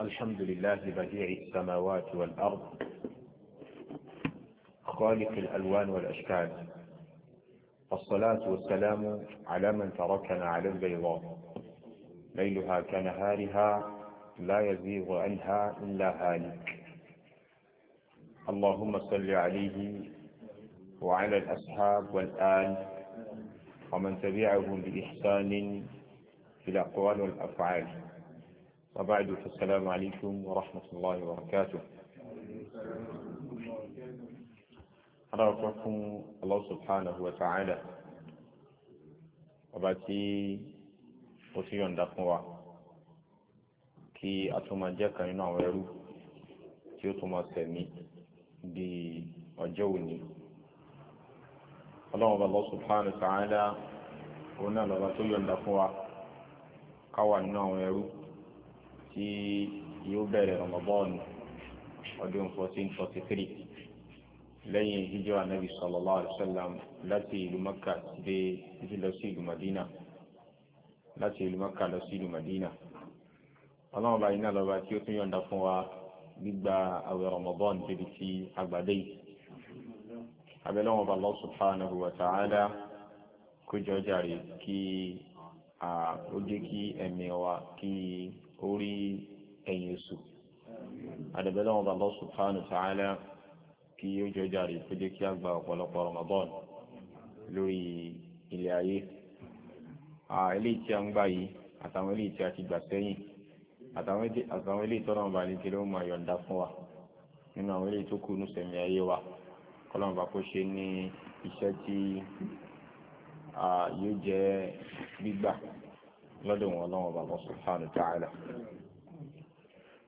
الحمد لله بديع السماوات والأرض خالق الألوان والأشكال الصلاة والسلام على من تركنا على البيضاء ليلها كنهارها لا يزيغ عنها إلا هالك اللهم صل عليه وعلى الأصحاب والآل ومن تبعهم بإحسان في الأقوال والأفعال وبعد فالسلام عليكم ورحمة الله وبركاته أراكم الله سبحانه وتعالى وباتي وسيون دقوا كي أتما جاكا ينعويرو كي أتما سمي دي وجوني ọlọ́run Allah subhanahu wa ta'ala òun náà lọ́la tó yọ̀ǹda tí yóò bẹ̀rẹ̀ Ramadan ọdún fourteen forty three lẹ́yìn hijra anabi sallallahu alayhi wa sallam láti ìlú Makka dé títí lọ sí ìlú Madina láti ìlú Makka lọ sí ìlú Madina ọlọ́run bá iná lọ́ba tí ó tún yọ̀ǹda fún wa gbígba àwẹ̀ Ramadan débi tí àgbàdé yìí abẹ́lẹ́wọ̀n bá Allah subhanahu wa ta'ala kójọ jàre kí ó jẹ́ kí ẹ̀mí wa kí orí ẹ̀yìn èso àdàbẹ̀lẹ̀ wọn Allah subhanahu wa ta'ala kí ó jọ jàre kó jẹ́ kí a gba ọ̀pọ̀lọpọ̀ Ramadan lórí ilé ayé eléyìí tí a ń gbà yìí àtàwọn eléyìí tí a ti gbà sẹ́yìn àtàwọn eléyìí tọ́nà ọba ní kí ló máa yọ̀ǹda fún wa nínú àwọn eléyìí tó kù ní sẹ̀mí ayé wa kọ́lọ́n kó ṣe ní iṣẹ́ tí yóò jẹ́ gbígbà lọ́dọ̀ wọn ọlọ́wọ́n bàbá subhanahu ta'ala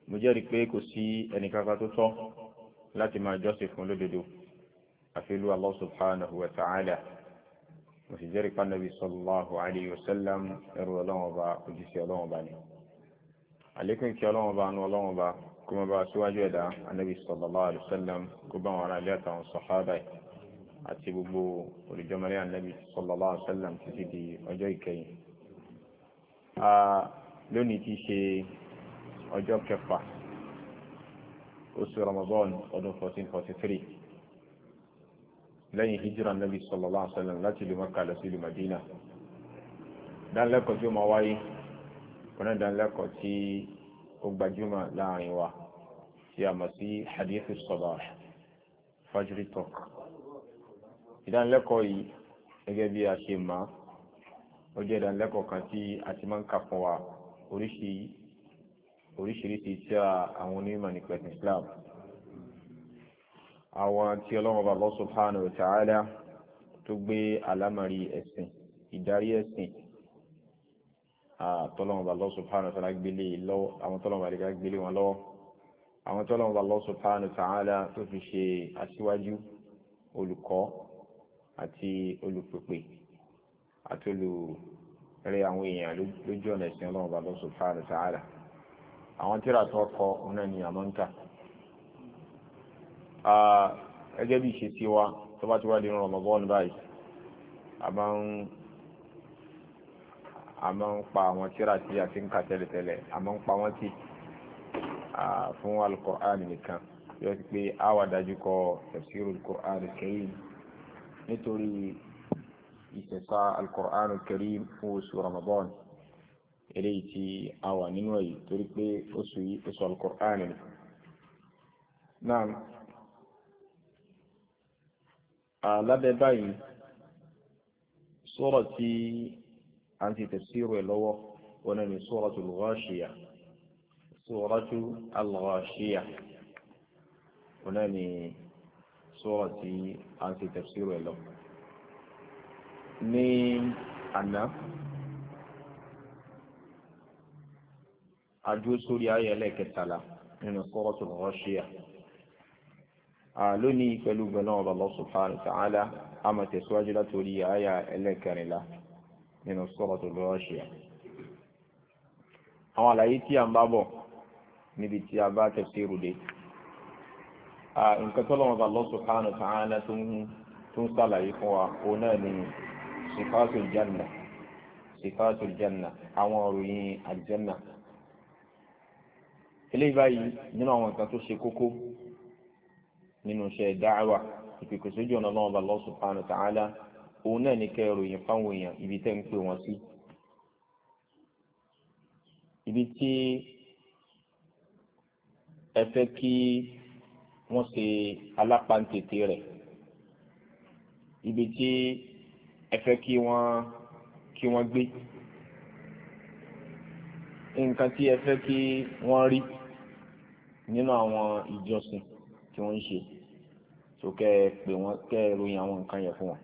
mo jẹ́rìí pé kò sí ẹnìkankan tó tọ́ láti máa jọ́sìn fún lódodo àfi Olúwa Allah subhanahu wa ta'ala mo sì jẹ́rìí pé Ànábì sallallahu alayhi wa sallam ẹrú ọlọ́wọ́n bá òjíṣẹ́ ọlọ́wọ́n bá ni àlékún kí ọlọ́wọ́n bá nu ọlọ́wọ́n bá kó máa bá a síwájú ẹ̀dá Ànábì sallallahu alayhi wa sallam kó bá wọn aráàlú àtàwọn sàhábà àti gbogbo olùjọ́mọ́lé Ànábì sallallahu alayhi wa sallam títí di ọjọ́ ìkẹyìn a lónìí ti ṣe ọjọ́ kẹfà oṣù Ramadan ọdún 1443 lẹ́yìn hijira nabi sallallahu alaihi wasallam láti ìlú Mẹ́kà lọ sí ìlú Madina dánilẹ́kọ̀ọ́ tí ó máa wáyé ọ̀nà dánilẹ́kọ̀ọ́ tí ó gbajúmọ̀ láàrin wa tí a mọ̀ sí hadithu sabah fajiri talk ìdánilẹ́kọ̀ọ́ yìí gẹ́gẹ́ bí a ṣe máa ó jẹ́ ìdánilẹ́kọ̀ọ́ kan tí a ti máa ń kà fún wa oríṣiríṣi tí àwọn onímọ̀ nípa ẹ̀sìn Islam àwọn tí ọlọ́run bá Allah subhanahu wa ta'ala tó gbé àlámàrí ẹ̀sìn ìdarí ẹ̀sìn àtọ́lọ́run bá Allah subhanahu wa ta'ala gbélé e lọ́wọ́ àwọn tọ́lọ́run bá lè gbélé wọn lọ́wọ́ àwọn tọ́lọ́run bá Allah subhanahu wa ta'ala tó fi ṣe aṣíwájú olùkọ́ àti olùpèpè àtúlù rẹ àwọn èèyàn lójú ọ̀nà ìsìn ọlọ́run bàbá subhanahu wa ta'ala àwọn tíra tó kọ ọ̀nà ni àmọ́ ń kà gẹ́gẹ́ bí ìṣe sí wa tó bá ti wá dínú Ramadan báyìí a máa ń pa àwọn tíra tí a ti ń kà tẹ́lẹ̀tẹ́lẹ̀ a máa ń pa wọ́n tì fún al-Qur'an nìkan yóò ti pé a wà dájú kọ tafsirul Qur'an al-Karim nítorí ìtẹ̀sà alukur'an karim fún oṣù ramadan eléyìí tí a wà nínú èyí torí pé oṣù yìí oṣù alukur'an ni. náà alábẹ́ báyìí sọ́rọ̀ tí a ti tafsiru ẹ̀ lọ́wọ́ wọn ni suratul ghashiya suratul ghashiya wọn ni sọ́rọ̀ tí a ti tafsiru ẹ̀ lọ́wọ́ ní àná àdúró sórí ayé ẹlẹ́ẹ̀kẹtàlá nínú Suratul Ghashiyah lónìí pẹ̀lú gbẹ̀nà ọ̀rọ̀ Allah subhanahu wa ta'ala a máa tẹ̀síwájú látòrí ayé ẹlẹ́ẹ̀kẹrìnlá nínú Suratul Ghashiyah àwọn àlàyé tí a ń bá bọ̀ níbi tí a bá tafsiru dé nǹkan tó lọ́wọ́ Allah subhanahu wa tó ń sàlàyé fún wa òun náà nìyí sifatul janna sifatul janna àwọn òròyìn aljanna eléyìí báyìí nínú àwọn nǹkan tó ṣe kókó nínú iṣẹ́ da'wa ìpèkèsójú ọ̀nà náà Allah subhanahu wa ta'ala òun náà ní kẹ́ ìròyìn fáwọn èèyàn ibi tẹ́ ń pè wọ́n sí ibi tí ẹ fẹ́ kí wọ́n ṣe alápàǹtètè rẹ̀ ibi tí ẹ fẹ́ kí wọ́n kí wọ́n gbé nǹkan tí ẹ fẹ́ kí wọ́n rí nínú àwọn ìjọsìn tí wọ́n ń ṣe tó kẹ́ ẹ pè wọ́n kẹ́ ẹ ròyìn àwọn nǹkan yẹn fún wọn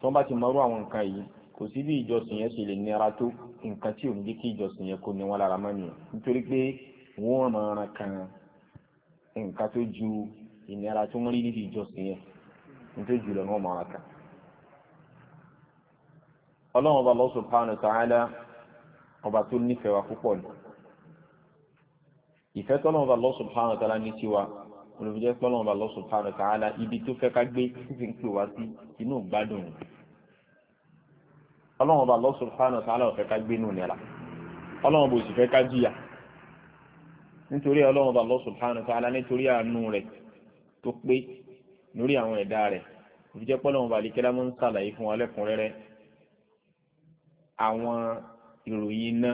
tó ń bá ti mọrú àwọn nǹkan yìí kò sí bí ìjọsìn yẹn ṣe lè nira tó nǹkan tí òun jẹ́ kí ìjọsìn yẹn kó ní wọn lára mọ́ nìyẹn nítorí pé wọ́n ràn kan nǹkan tó ju ìnira tó ń rí níbi ìjọsìn yẹn nítorí jùlọ náà mọ̀ ọ́n kan ọlọ́run ọba Allah subhanahu wa ta'ala ọba tó nífẹ̀ẹ́ wa púpọ̀ ni ìfẹ́ tọ́lọ́run ọba Allah subhanahu wa ta'ala ní tiwa olùfẹ́jẹ́ tọ́lọ́run ọba Allah subhanahu wa ta'ala ibi tó fẹ́ ká gbé fífi ń pè wá sí inú gbádùn ọlọ́run ọba Allah subhanahu wa ta'ala ó fẹ́ ká gbé nù nira ọlọ́run ọba ó ká jìyà nítorí ọlọ́run ọba Allah subhanahu wa nítorí àánú rẹ̀ tó pé lórí àwọn ẹ̀dá rẹ̀ òfìjẹ́ pọ́lọ́run ọba àwọn ìròyìn iná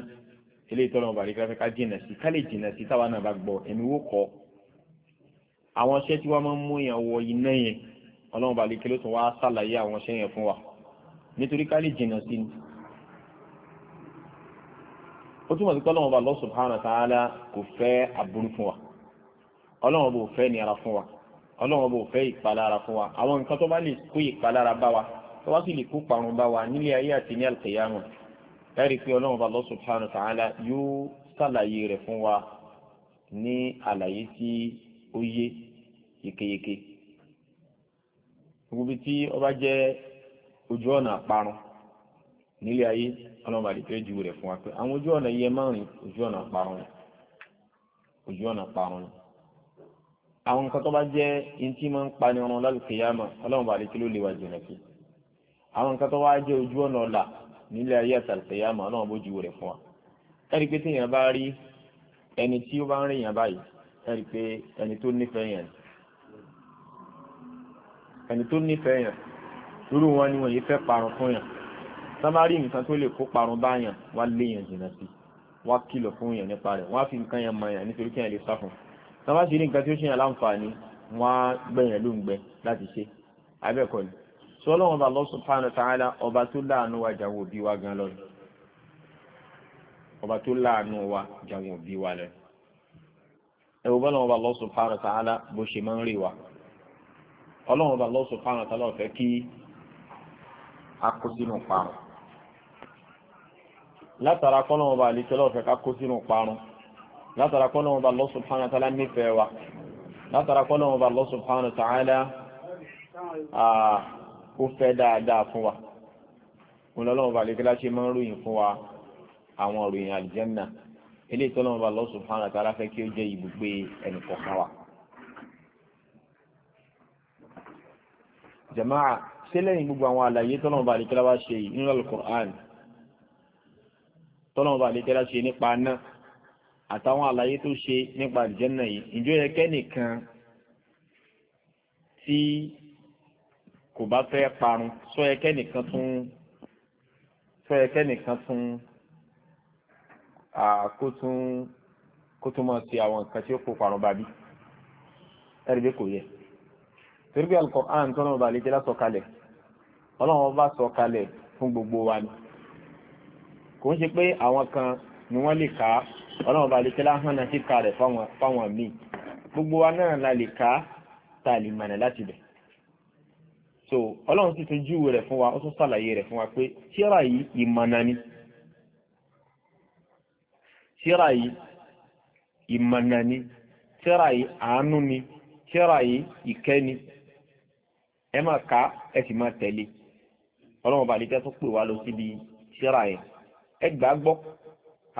eléyìí tọ́lọ́mọ bàrí kí láfẹ́ ká jìnà sí ká lè jìnà sí táwa náà bá gbọ́ ẹ̀mí wò kọ́ àwọn iṣẹ́ tí wọ́n máa ń mú yàn wọ iná yẹn ọlọ́run bàrí kí ló tún wá sàlàyé àwọn iṣẹ́ yẹn fún wa nítorí ká lè jìnà sí ni ó túmọ̀ sí pọ́lọ́wọ́n bá lọ́ subhanahu wa ta'ala kò fẹ́ aburú fún wa ọlọ́run bò fẹ́ nira fún wa ọlọ́run bò fẹ́ ìpalára fún wa àwọn nǹkan tó bá lè kó ìpalára bá wa tó wá sì lè kó parun bá wa nílé ayé àti ní àlùkìyàmù ẹ pé ọlọ́run Allah subhanahu wa ta'ala yóò ṣàlàyé rẹ̀ fún wa ní àlàyé tí ó yé yékéyéké gbogbo tí ó bá jẹ́ ojú ọ̀nà àparun nílé ayé ọlọ́run bá lè fẹ́ ju rẹ̀ fún wa pé àwọn ojú ọ̀nà yẹ márùn-ún ojú ọ̀nà àparun ojú ọ̀nà parun ni àwọn nǹkan tó bá jẹ́ ntí máa ń pani ọ̀run lálùkìyàmà ọlọ́run bá lè kí ló lè wà jìnnà sí àwọn nǹkan tó wá jẹ́ ojú ọ̀nà ọ̀la nílé ayé àtàlùfẹ́yàmọ̀ náà bójú rẹ̀ fún wa ẹ̀rí pé téèyàn bá rí ẹni tí ó bá ń rìnyàn báyìí ẹ̀rí pé ẹni tó nífẹ̀ẹ́ yẹn ẹni tó nífẹ̀ẹ́ yẹn irú wọn ni wọ́n yìí fẹ́ parun fún yàn sábàárì nǹkan tó lè kó parun bá yàn wá lé yàn jìnnà sí wá kìlọ̀ fún yàn nípa rẹ̀ wá fi nǹkan yẹn mọ yàn nítorí kí yàn lè sá fún sábàárì nǹkan tí ó ṣe yàn láǹfààní wọ́n á gbẹ̀yàn lóǹgbẹ láti ṣe abẹ́ẹ̀kọ́ ni sọlọ́wọ́n bá Allah subhanahu wa ọba tó láàánú wa wa gan lọ́nà ọba tó láàánú wa jàwọ́ bí wa lọ́nà ẹ̀wọ̀ bá lọ́wọ́ bá Allah subhanahu wa bó ṣe máa ń rí wa ọlọ́wọ́n bá ọ̀fẹ́ kí parun látara kọ́lọ́wọ́n bá ọ̀fẹ́ parun látara kọ́lọ́wọ́n bá nífẹ̀ẹ́ wa látara kọ́lọ́wọ́n bá kó fẹ́ dáadáa fún wa mo lọ lọ́wọ́ balẹ̀ kíláṣí máa ń ròyìn fún wa àwọn ròyìn àlìjẹ́nà eléyìí tó lọ́wọ́ balẹ̀ subhanahu wa ta'ala fẹ́ kí ó jẹ́ ibùgbé ẹnìkọ̀ọ̀kan wa. jama'a sílẹ̀yìn gbogbo àwọn àlàyé tó lọ́wọ́ balẹ̀ kíláṣí ṣe nínú alukur'an tó lọ́wọ́ balẹ̀ kíláṣí nípa náà àtàwọn àlàyé tó ṣe nípa àlìjẹ́nà yìí ìjọ yẹ kẹ́nìkan tí kò bá fẹ́ parun sọ yẹ kẹ́nìkan tún sọ yẹ kẹ́nìkan tún kó tún kó tún máa ṣe àwọn nǹkan tí ó kó parun bá bí ẹ̀rí bí kò yẹ torí bí Al-Qur'an tó náà bá lè jẹ́ lásọ kalẹ̀ ọlọ́run bá sọ kalẹ̀ fún gbogbo wa ni kò ń ṣe pé àwọn kan ni wọ́n lè kà á ọlọ́run bá lè jẹ́ láhànà kíkà rẹ̀ fáwọn míì gbogbo wa náà la lè kà á lè mọ̀nà láti bẹ̀ so ọlọ́run sì tún júwe rẹ̀ fún wa ó tún sàlàyé rẹ̀ fún wa pé tíra yìí ìmọ̀nà ni tíra yìí ìmọ̀nà ni tíra yìí àánú ni tíra yìí ìkẹ́ ni ẹ máa ka ẹ sì máa tẹ̀lé ọlọ́run bá nìkẹ́ tó pè wá lọ síbi tíra yẹn ẹ gbà á gbọ́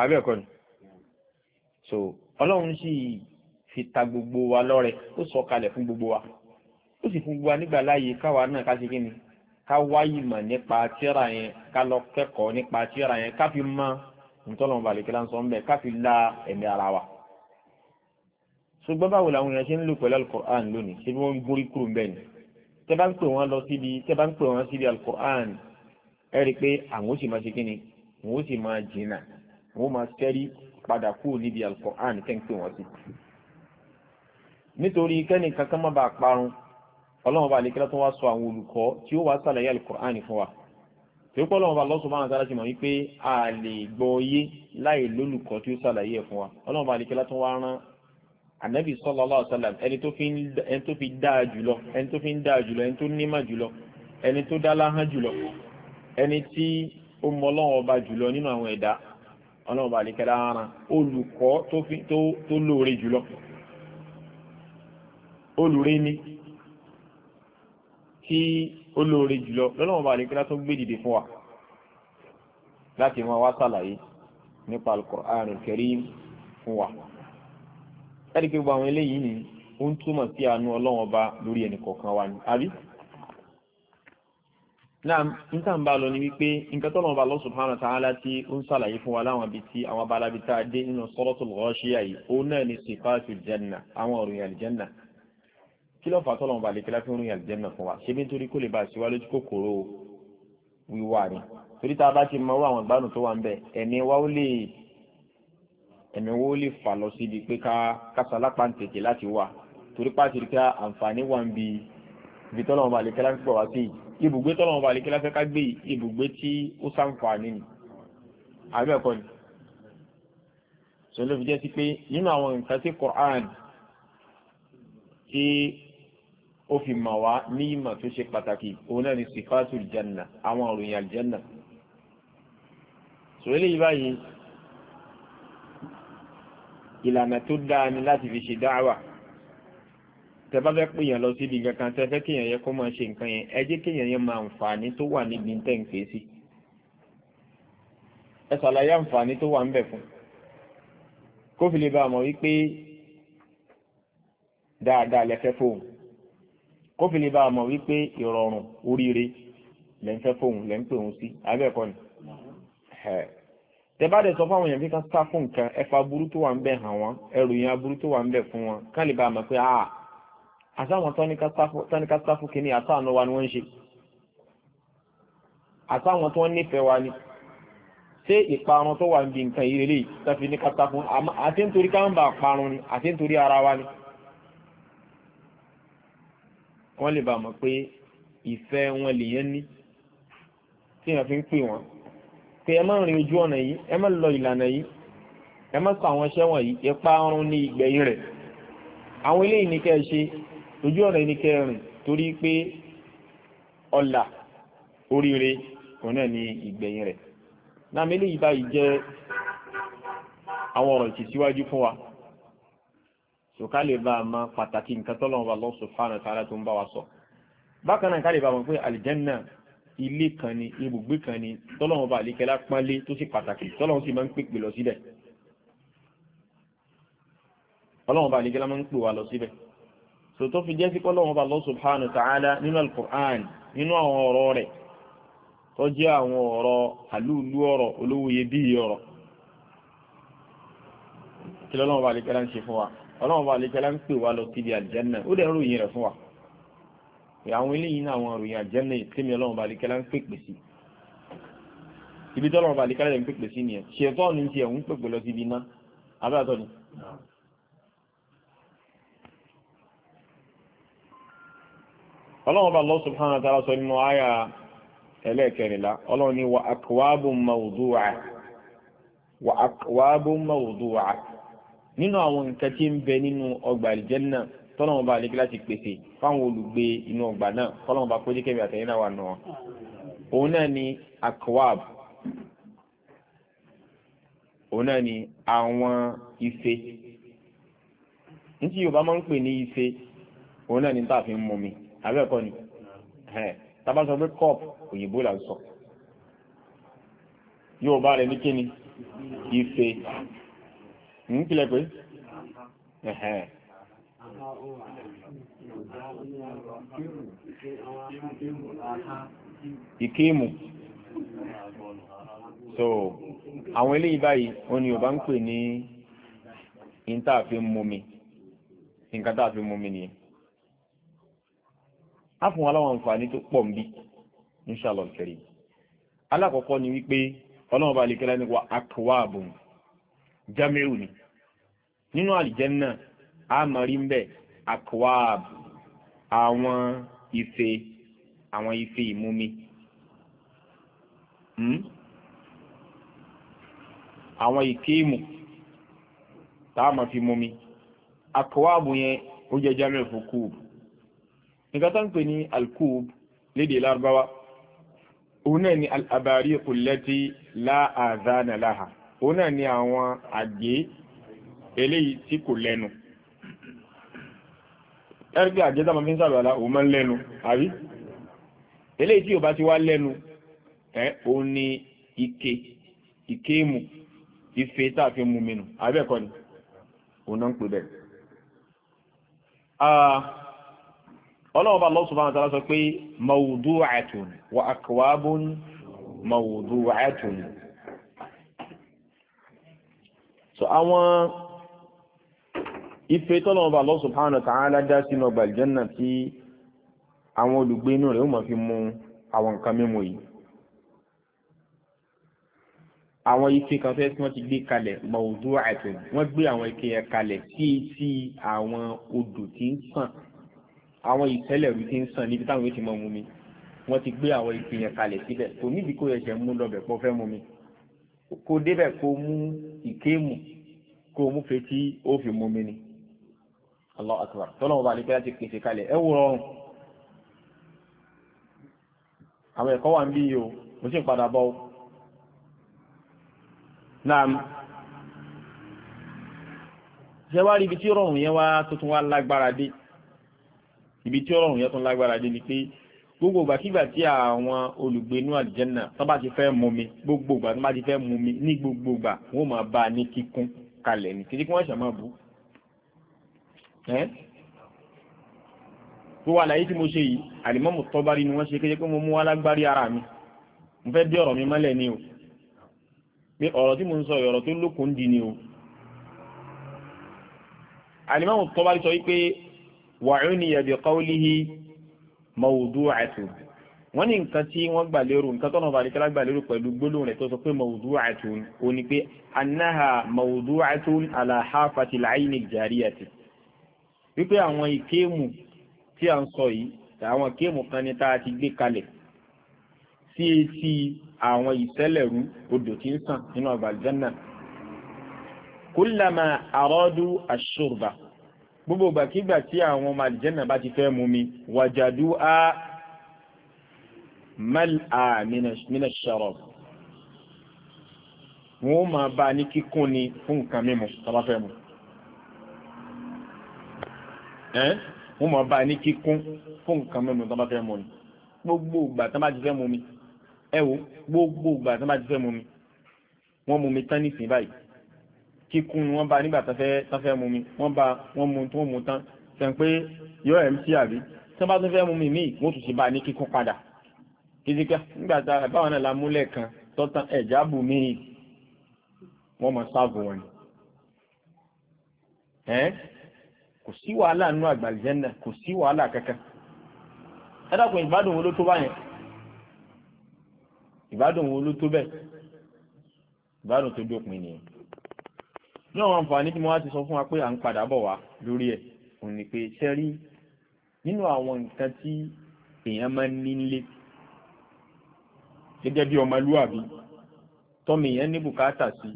abẹ́ ẹ̀kọ́ ni so ọlọ́run sì fi ta gbogbo wa lọ́rẹ ó sọ kalẹ̀ fún gbogbo wa sì fún gbogbo nígbà láàyè káwa náà ká ṣe kí ni ká wáyé mọ̀ nípa tíra yẹn ká lọ kẹ́kọ̀ọ́ nípa tíra yẹn ká fi mọ ntọ́lọ́mọ balẹ̀kẹ́lá ń sọ mbẹ́ ká fi la ẹ̀mí ara wa. ṣùgbọ́n báwo làwọn èèyàn ṣe ń lò pẹ̀lú alukur'an lónìí ṣé bí wọ́n ń borí kúrò ń bẹ̀ ni tẹ́ bá ń pè wọ́n lọ síbi tẹ́ bá ń pè wọ́n síbi alukur'an ẹ rí i pé àwọn ó sì máa ṣe kí ni wọ́n ó sì máa jìnnà wọ́n máa sẹ́rí padà kúrò níbi alukur'an tẹ́ ń pè wọ́n sí. nítorí kẹ́nìkan kan má bàa parun ọlọ́run bá lè kílá tó wá sọ àwọn olùkọ́ tí ó wá sàlàyé alukur'an fún wa tí ó pọ́ ọlọ́run bá lọ́sọ̀ máa ń sára sí mọ̀ wípé a lè gbọ́ yé láì lólùkọ́ tí ó sàlàyé ẹ̀ fún wa ọlọ́run bá lè tó wá rán anabi sallallahu alaihi wasallam ẹni tó fi dáa jùlọ ẹni tó fi ń dáa jùlọ ẹni tó nímọ̀ jùlọ ẹni tó dá láhán jùlọ ẹni tí ó mọ ọlọ́run ọba jùlọ nínú àwọn ẹ̀dá ọlọ́run bá tí ó lóore jùlọ lọ́lọ́wọ́n bá lè kí látún gbé dìde fún wa láti máa wá sàlàyé nípa Al-Qur'anul Karim fún wa láti pé gbogbo àwọn eléyìí ni ó ń túmọ̀ sí àánú ọlọ́wọ́n bá lórí ẹnì kọ̀ọ̀kan wa ni àbí náà níta ń bá lọ ni wípé nǹkan tọ́lọ́wọ́n bá Allah subhanahu wa ta'ala tí ó ń sàlàyé fún wa láwọn ibi tí àwọn abalabi tá a dé nínú Suratul Ghashiyah yìí òun náà ni sifatul janna àwọn òròyìn àlìjẹ́nà kí ló fà tọ́lọ́mù balẹ̀ kí láfi ń rìn àlùjẹ́nà fún wa ṣé bí nítorí kó lè bá ṣe wá lójú kòkòrò wíwá ni torí tá a bá ti mọ owó àwọn ìgbádùn tó wà ń bẹ ẹ̀mí wa ó lè ẹ̀mí wa ó lè fà lọ síbi pé ká kásálápá ń tètè láti wà torí pàṣẹ rí ká àǹfààní wà ń bi ibi tọ́lọ́mù balẹ̀ kí láfi pọ̀ wá sí ibùgbé tọ́lọ́mù balẹ̀ kí láfi ká gbé ibùgbé tí ó sàǹfààní ni Qur'an tí ó fi mà wá ní ìmọ̀ tó ṣe pàtàkì òun náà ni sifatu aljanna àwọn òròyìn aljanna sọ eléyìí báyìí ìlànà tó dáa ni láti fi ṣe dáwà tẹ bá fẹ́ pè yàn lọ síbi kankan tẹ fẹ́ kéèyàn yẹ kó máa ṣe nǹkan yẹn ẹ jẹ́ kéèyàn yẹn máa àǹfààní tó wà níbi tẹ̀ ń pè sí ẹ ṣàlàyé àǹfààní tó wà ń bẹ̀ fún kó fi lè bá a mọ̀ wípé dáadáa lẹ fóun kó fi lè bá a mọ̀ wípé ìrọ̀rùn oríire lẹ́ ń fẹ́ fóun lẹ́ ń pè òun sí abẹ́ẹ̀kọ́ ni tẹ́bàdẹ̀ sọ fáwọn èèyàn fi kan sá fún nǹkan ẹ̀fà burú tó wà ń bẹ̀ hàn wọ́n ẹrù yẹn aburú tó wà ń bẹ̀ fún wọn kán lè bá a mọ̀ pé a àtàwọn tọ́níkà sá fún kínní àtàwọn wa ni wọ́n ń ṣe àtàwọn tó ń nífẹ̀ẹ́ wa ni ṣé ìparun tó wà ń bi nǹkan yìí lélẹ́yìí tó fi ní ká sá wọ́n lè bá mọ̀ pé ìfẹ́ wọn lèyẹn ní tí èèyàn fi ń pè wọ́n pé ẹ má rìn ojú ọ̀nà yìí ẹ má lọ ìlànà yìí ẹ má sọ àwọn iṣẹ́ wọ̀nyí ipa ọrùn ní ìgbẹ̀yìn rẹ̀ àwọn eléyìí ní kẹ́ ẹ ṣe ojú ọ̀nà ní kẹ́ ẹ rìn torí pé ọlà oríire òun náà ní ìgbẹ̀yìn rẹ̀ náà eléyìí báyìí jẹ́ àwọn ọ̀rọ̀ ìtìsíwájú fún wa so ká lè bá a ma pàtàkì nǹkan tó lọ́wọ́ Allah subhanahu wa ta'ala tó ń bá wa sọ bákan náà ká lè bá a mọ̀ pé àlìjẹ́nà ilé kan ni ibùgbé kan ni tọ́lọ́wọ́ bá àlékẹ́lá pánlé tó sì pàtàkì tọ́lọ́wọ́ sì máa ń pèpè lọ síbẹ̀ ọlọ́wọ́ bá àlékẹ́lá máa ń pè wá lọ síbẹ̀ so fi jẹ́ sí pọ́lọ́wọ́ bá Allah subhanahu wa ta'ala nínú al nínú àwọn ọ̀rọ̀ rẹ̀ tó jẹ́ àwọn ọ̀rọ̀ àlúùlú ọlọ́run bá àlejò aláǹ pè wá lọ síbi àlìjẹ́nà ó dẹ̀ ròyìn rẹ̀ fún wa pé àwọn eléyìí náà àwọn ròyìn àlìjẹ́nà ìsinmi ọlọ́run bá àlejò aláǹ pèpè sí ibi tí ọlọ́run bá àlejò aláǹ pèpè sí nìyẹn ṣètọ́ ni tiẹ̀ ń pèpè lọ síbi iná abẹ́àtọ́ ni. ọlọ́run bá Allah subhanahu wa ta'ala sọ nínú àyà ẹlẹ́ẹ̀kẹrìnlá ọlọ́run ni wa akwábùn mawdu'a wa akwábùn mawdu'a nínú àwọn nǹkan tí ń bẹ nínú ọgbà àlìjẹ́nà tọ́lọ́wọ́n bá àlejò láti pèsè fáwọn olùgbé inú ọgbà náà kọ́lọ́wọ́n bá kó jẹ́kẹ́bí àtẹ̀yìn náà wà nù wọn. òun náà ni akwab òun náà ni àwọn ife ní tí Yorùbá máa ń pè ní ife òun náà ni tá a fi ń mú mi abẹ́ẹ̀kọ́ ni tábà sọ pé cup òyìnbó là ń sọ Yorùbá rẹ̀ ní kíni ife ń hmm, kílẹ̀ pé ẹ̀hẹ́ ìkéèmù so àwọn eléyìí báyìí wọn ni Yorùbá ń pè ní ìntàfin mumi nǹkan tààfin mumi nìyẹn á fún wa láwọn àǹfààní tó pọ̀ ń bí inshallah kẹrì alákọ̀ọ́kọ́ ni wípé ọlọ́run bá lè kẹ́lá ní wa akwáàbùn jamiu ni nínú àlìjẹ́nà a máa rí mbẹ́ akwab àwọn ife àwọn ife ìmumi hmm? àwọn ìkéèmù tá a máa fi mumi akwab yẹn ó jẹ́ jamiu fún kúùbù nǹkan tó ń pè ní alkúùb lédè ni al-abariqu allati la laha òun náà ni àwọn àgé eléyìí tí kò lẹ́nu ẹgbẹ́ àgé ma fi ń sàlùwàlá òun máa lẹ́nu àbí eléyìí tí ò bá ti wá lẹ́nu ẹ òun ni ike ike mu ife tá mu mi àbẹ́ẹ̀kọ́ ni òun náà ń pè bẹ́ẹ̀ ọlọ́ọ̀bá Allah subhanahu sọ pé mawdu'atun wa akwabun mawdu'atun so àwọn ife tọ́lọ́mọba Allah subhanahu wa ta'ala dá sínú ọgbà ìjẹ́nà tí àwọn olùgbé inú rẹ̀ ó máa fi mu àwọn nǹkan mímu yìí àwọn ike kan fẹ́ tí wọ́n ti gbé kalẹ̀ mọ̀ọ́dú àìtọ́ wọ́n gbé àwọn ike yẹn kalẹ̀ sí etí àwọn odò tí ń sàn àwọn ìtẹ́lẹ̀rú tí ń sàn níbi táwọn yóò ti mọ̀ mú mi wọ́n ti gbé àwọn ike yẹn kalẹ̀ síbẹ̀ kò níbi kó yẹ jẹ́ mú lọ́bẹ̀ pọ́ fẹ́ mú mi kó débẹ̀ kó mú ìkéèmù kó mú fetí ó fi mú mi ni Allahu akbar tọ́lọ́ wọn bá lè fẹ́ láti pèsè kalẹ̀ ẹ wò rọrùn àwọn ẹ̀kọ́ wà ń bí o mo sì ń padà bọ́ ọ. Naam ṣe wá rí ibi tí rọrùn yẹn wá tuntun wá lágbára dé ibi tí rọrùn yẹn tún lágbára dé ni pé gbogbo ìgbàkígbà tí àwọn olùgbé inú àlìjẹ́nà tó bá ti fẹ́ mú mi gbogbo ìgbà tó bá ti fẹ́ mú mi ní gbogbo ìgbà wọ́n máa bá a ní kíkún kalẹ̀ ní títí kí wọ́n ṣàmọ́ bú. tó wà láyé tí mo ṣe yìí àlìmọ́mù tọ́bárí ni wọ́n ṣe kéde pé mo mú alágbárí ara mi mo fẹ́ dé ọ̀rọ̀ mi mọ́lẹ̀ ni o pé ọ̀rọ̀ tí mo ń sọ ọ̀rọ̀ tó lókun dì ni o. àlìmọ́mù tọ́bárí sọ wípé wàá mawdu'atu wọ́n ní nǹkan tí wọ́n gbà lérò nǹkan tọ́nà bàrí kẹ́lá gbà lérò pẹ̀lú gbólóhùn rẹ̀ tó sọ pé mawdu'atun ó ní pé annaha mawdu'atun ala hafati al-ayni al-jariyati wípé àwọn ìkéèmù tí a ń sọ yìí àwọn ìkéèmù kan ní gbogbo ìgbàkígbà tí àwọn ọmọ àlìjẹ́nà bá ti fẹ́ mú mi wàjàdú á mẹ́lá mínẹ̀ṣọ̀rọ̀ wọ́n máa bá ní kíkún ni fún nǹkan mímu tọ́bá fẹ́ mu wọ́n máa bá ní kíkún fún nǹkan mímu tọ́bá fẹ́ mu ni gbogbo ìgbà tán bá ti fẹ́ mú mi ẹ gbogbo ìgbà tán bá ti fẹ́ mú mi wọ́n mú mi tán nísìnyí báyìí kíkún ni wọ́n bá nígbà tán fẹ́ mú mi wọ́n bá wọ́n mú tí wọ́n mú tán sẹ́n pé yọ mc àbí tí wọ́n bá tún fẹ́ mú mi míì wọ́n tún ṣe bá ní kíkún padà kìí pé nígbà tá a báwọn náà la múlẹ̀ kan tọ́tàn ẹ̀já bù míì wọ́n mọ̀ sáàbù wọn ni. kò sí wàhálà nínú àgbàlẹ̀ náà kò sí wàhálà kankan ẹ dákun ìbádùn wo ló tó báyẹn ìbádùn wo ló tó bẹ́ẹ̀ ìbádùn tó dópin nìyẹn ní àwọn àǹfààní tí mo wá ti sọ fún wa pé à ń padà bọ̀ wá lórí ẹ̀ òun ni pé sẹ́rí nínú àwọn nǹkan tí èèyàn máa ń ní nílé gẹ́gẹ́ bí ọmọlúwàbí tọ́mọ èèyàn ní bùkátà sí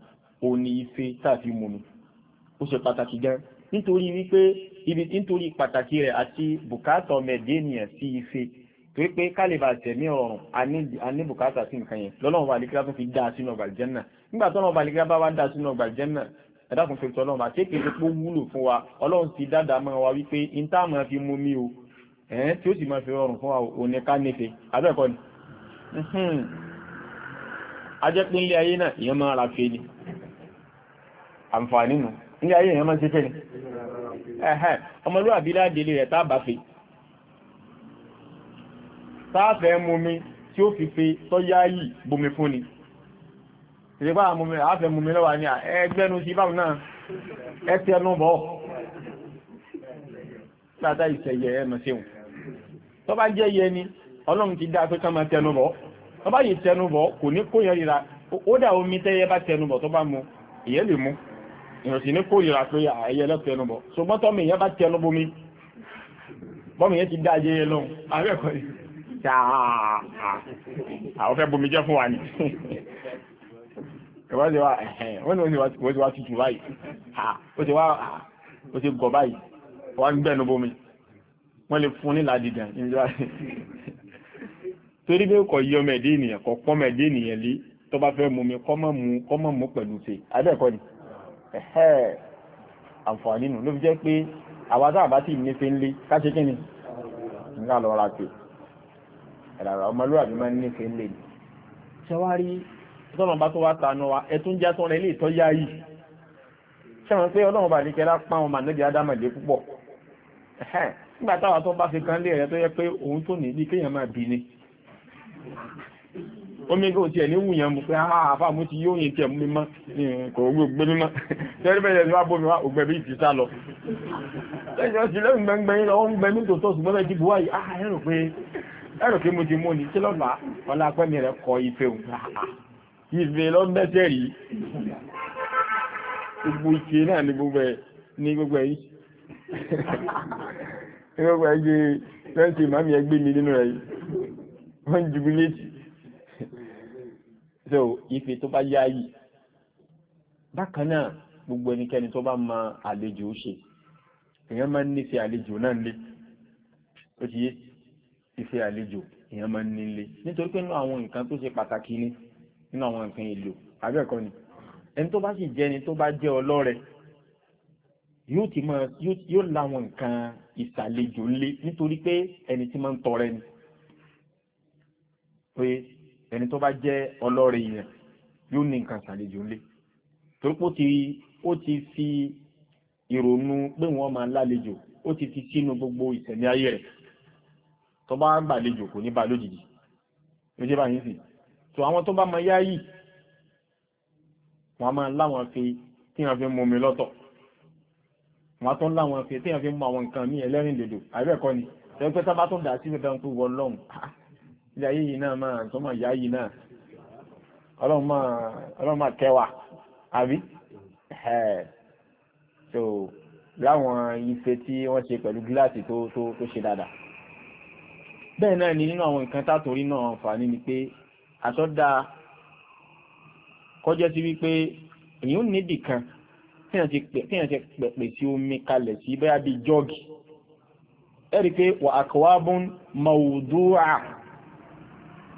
òun ni ife tá a fi mọ̀nù ó ṣe pàtàkì gan nítorí wípé ibi nítorí pàtàkì rẹ̀ àti bùkátà ọmọ ẹ̀dẹ́ ènìyàn sí ife torí pé kálíbà tẹ̀mí ọ̀rùn a ní bùkátà sí nǹkan yẹn lọ́lọ́run bàlíkíra tó fi dá sínú ọgbà ìjẹ́nà nígbà tọ́lọ́run bàlíkíra bá wá dá sínú ọgbà ìjẹ́nà ẹ̀dàkùn tó tọ́lọ́ ma ṣé kìí ṣe pé ó wúlò fún wa ọlọ́run ti dáadáa mọ́ wa wípé níta máa fi mú mi o ẹ̀ẹ́n tí ó sì máa fi rọrùn fún wa ò ní ká nífe abẹ́ẹ̀kọ́ ni a jẹ́ pé ilé ayé náà èèyàn máa ra fe ni àǹfààní nù ilé ayé èèyàn máa ṣe fẹ́ ni ọmọlúwàbí ládélé rẹ̀ tá bá fe tá mú mi tí ó fi fe tọ́yá yìí bomi fún ni ìjẹpá àfẹ́ mú mi lọ́wà ní ẹgbẹ́nu sí báwọn náà ẹtì ẹnu bọ́ látà ìṣẹ̀yẹ ẹmọ̀ sí wọn tó bá jẹ́ yẹ ni ọlọ́run ti dá pé ká máa tẹnu bọ́ tó bá yìí tẹnu bọ́ kò ní kó yẹn rira ó dà omi tẹ́yẹ bá tẹnu bọ́ tó bá mu ìyẹn lè mú ìyẹn sì ní kó yẹra pé ẹyẹ lọ tẹnu bọ́ ṣùgbọ́n tọ́mi ìyẹn bá tẹnu bomi bọ́mi yẹn ti dá ayé yẹn lọ́hùn àbẹ́ẹ̀kọ́ yìí àwọn fẹ́ bomi jẹ́ fún wa ni ẹ̀wọ́n ti wá ẹ̀hẹ̀n wọ́n ni wọ́n ti wá tutù báyìí ó ti wá ó ti gọ̀ báyìí wọ́n ń gbẹ̀nu bómi wọ́n lè fún ní ládìgàn níjọ́ torí bí kò yọ mẹ̀dé ènìyàn kò pọ́n mẹ̀dé ènìyàn lé tó bá fẹ́ mú mi kọ́ mọ̀ mú kọ́ mọ̀ mú pẹ̀lú ṣe abẹ́ẹ̀kọ́ ni ẹ̀hẹ́ àǹfààní nù ló fi jẹ́ pé àwa tá àbá tí ì nífe ńlé káṣe kí ni nígbà lọ ra pé ẹ̀rọ ọmọlúwàbí máa ń nífe ńlé ni ṣé wá rí tọ́lọ̀ bá tó wá tànà wa ẹ̀tún já tán rẹ̀ lè tọ́ yá yìí ṣẹ́wọ̀n pé ọlọ́run bá nìkẹ́ lápá wọn mànẹ́bí adámàdé púpọ̀ nígbà táwa tó bá fi kan lé rẹ̀ tó yẹ pé òun tó ní ní kéèyàn máa bì ni omi gò tiẹ̀ ní wùyàn mú pé àfà mú ti yóò yìn tiẹ̀ mú mi mọ́ kò gbé mi mọ́ tẹ́lẹ̀ bẹ́ẹ̀ ni wá bómi wá ògbẹ́ bí ti sá lọ lẹ́yìn ọ̀sìn lẹ́yìn gbẹ̀ngbẹ̀yìn lọ́wọ́ ń gbẹ ní tòótọ́ ṣùgbọ́n bẹ́ẹ̀ ti wáyé ẹ̀rọ pé mo ti mú ni kí lọ́ba ọlá pẹ́mi rẹ̀ kọ ife òun ìfẹ́ lọ bẹ́tẹ̀ rí gbogbo ìfẹ́ náà ní gbogbo ẹ̀ ní gbogbo ẹ̀ yìí ní gbogbo ẹ̀ yìí fẹ́ǹsì màmí ẹgbẹ́ mi nínú rẹ̀ yìí wọ́n ń jubiléètì so ìfẹ́ tó bá yá yìí bákan náà gbogbo ẹnikẹ́ni tó bá ma àlejò ṣe èèyàn máa ń nífẹ̀ẹ́ àlejò náà lé ó ti yé ìfẹ́ àlejò èèyàn máa ń nílé nítorí pé nínú àwọn nǹkan tó ṣe pàtàkì ni nínú àwọn nǹkan èlò abẹ́ẹ̀kọ́ ni ẹni tó bá sì jẹ́ ẹni tó bá jẹ́ ọlọ́rẹ yóò ti máa yóò láwọn nǹkan ìsàlejò lé nítorí pé ẹni tí máa ń tọrẹ ni pé ẹni tó bá jẹ́ ọlọ́rẹ yẹn yóò ní nǹkan ìsàlejò lé torí pé ó ti ó ti fi ìrònú pé wọ́n máa lálejò ó ti fi sínú gbogbo ìṣẹ̀lẹ̀ ayé rẹ̀ tó bá gbàlejò kò ní bá lójijì ló jẹ́ báyìí sì tó àwọn tó bá mọ yá yìí wọ́n máa láwọn fi tí wọ́n fi mọmi lọ́tọ̀ wọ́n tó láwọn fi tí wọ́n fi mọ àwọn nǹkan ní ẹlẹ́rìn dòdò àbẹ́ẹ̀kọ́ ni tẹ́ pẹ́ sábà tó dà sí ìfẹ́ dáhùn pé wọ́n lọ́hùn ah, ilé ayé yìí náà máa tó máa yá yìí náà ọlọ́run máa kẹwàá àbí so láwọn ife tí wọ́n ṣe pẹ̀lú gíláàsì tó ṣe dáadáa bẹ́ẹ̀ náà ni nínú àwọn nǹkan tátorí náà àǹfààní ni pé àtọ́dá kọjọ́ sí wípé èyí ò nídìí kan tíyàn ti pẹ̀pẹ̀ sí omi kalẹ̀ sí bẹ́yà bíi jọ́ọ̀gì ẹ̀rí pé wà àkọwábùn mawdu'a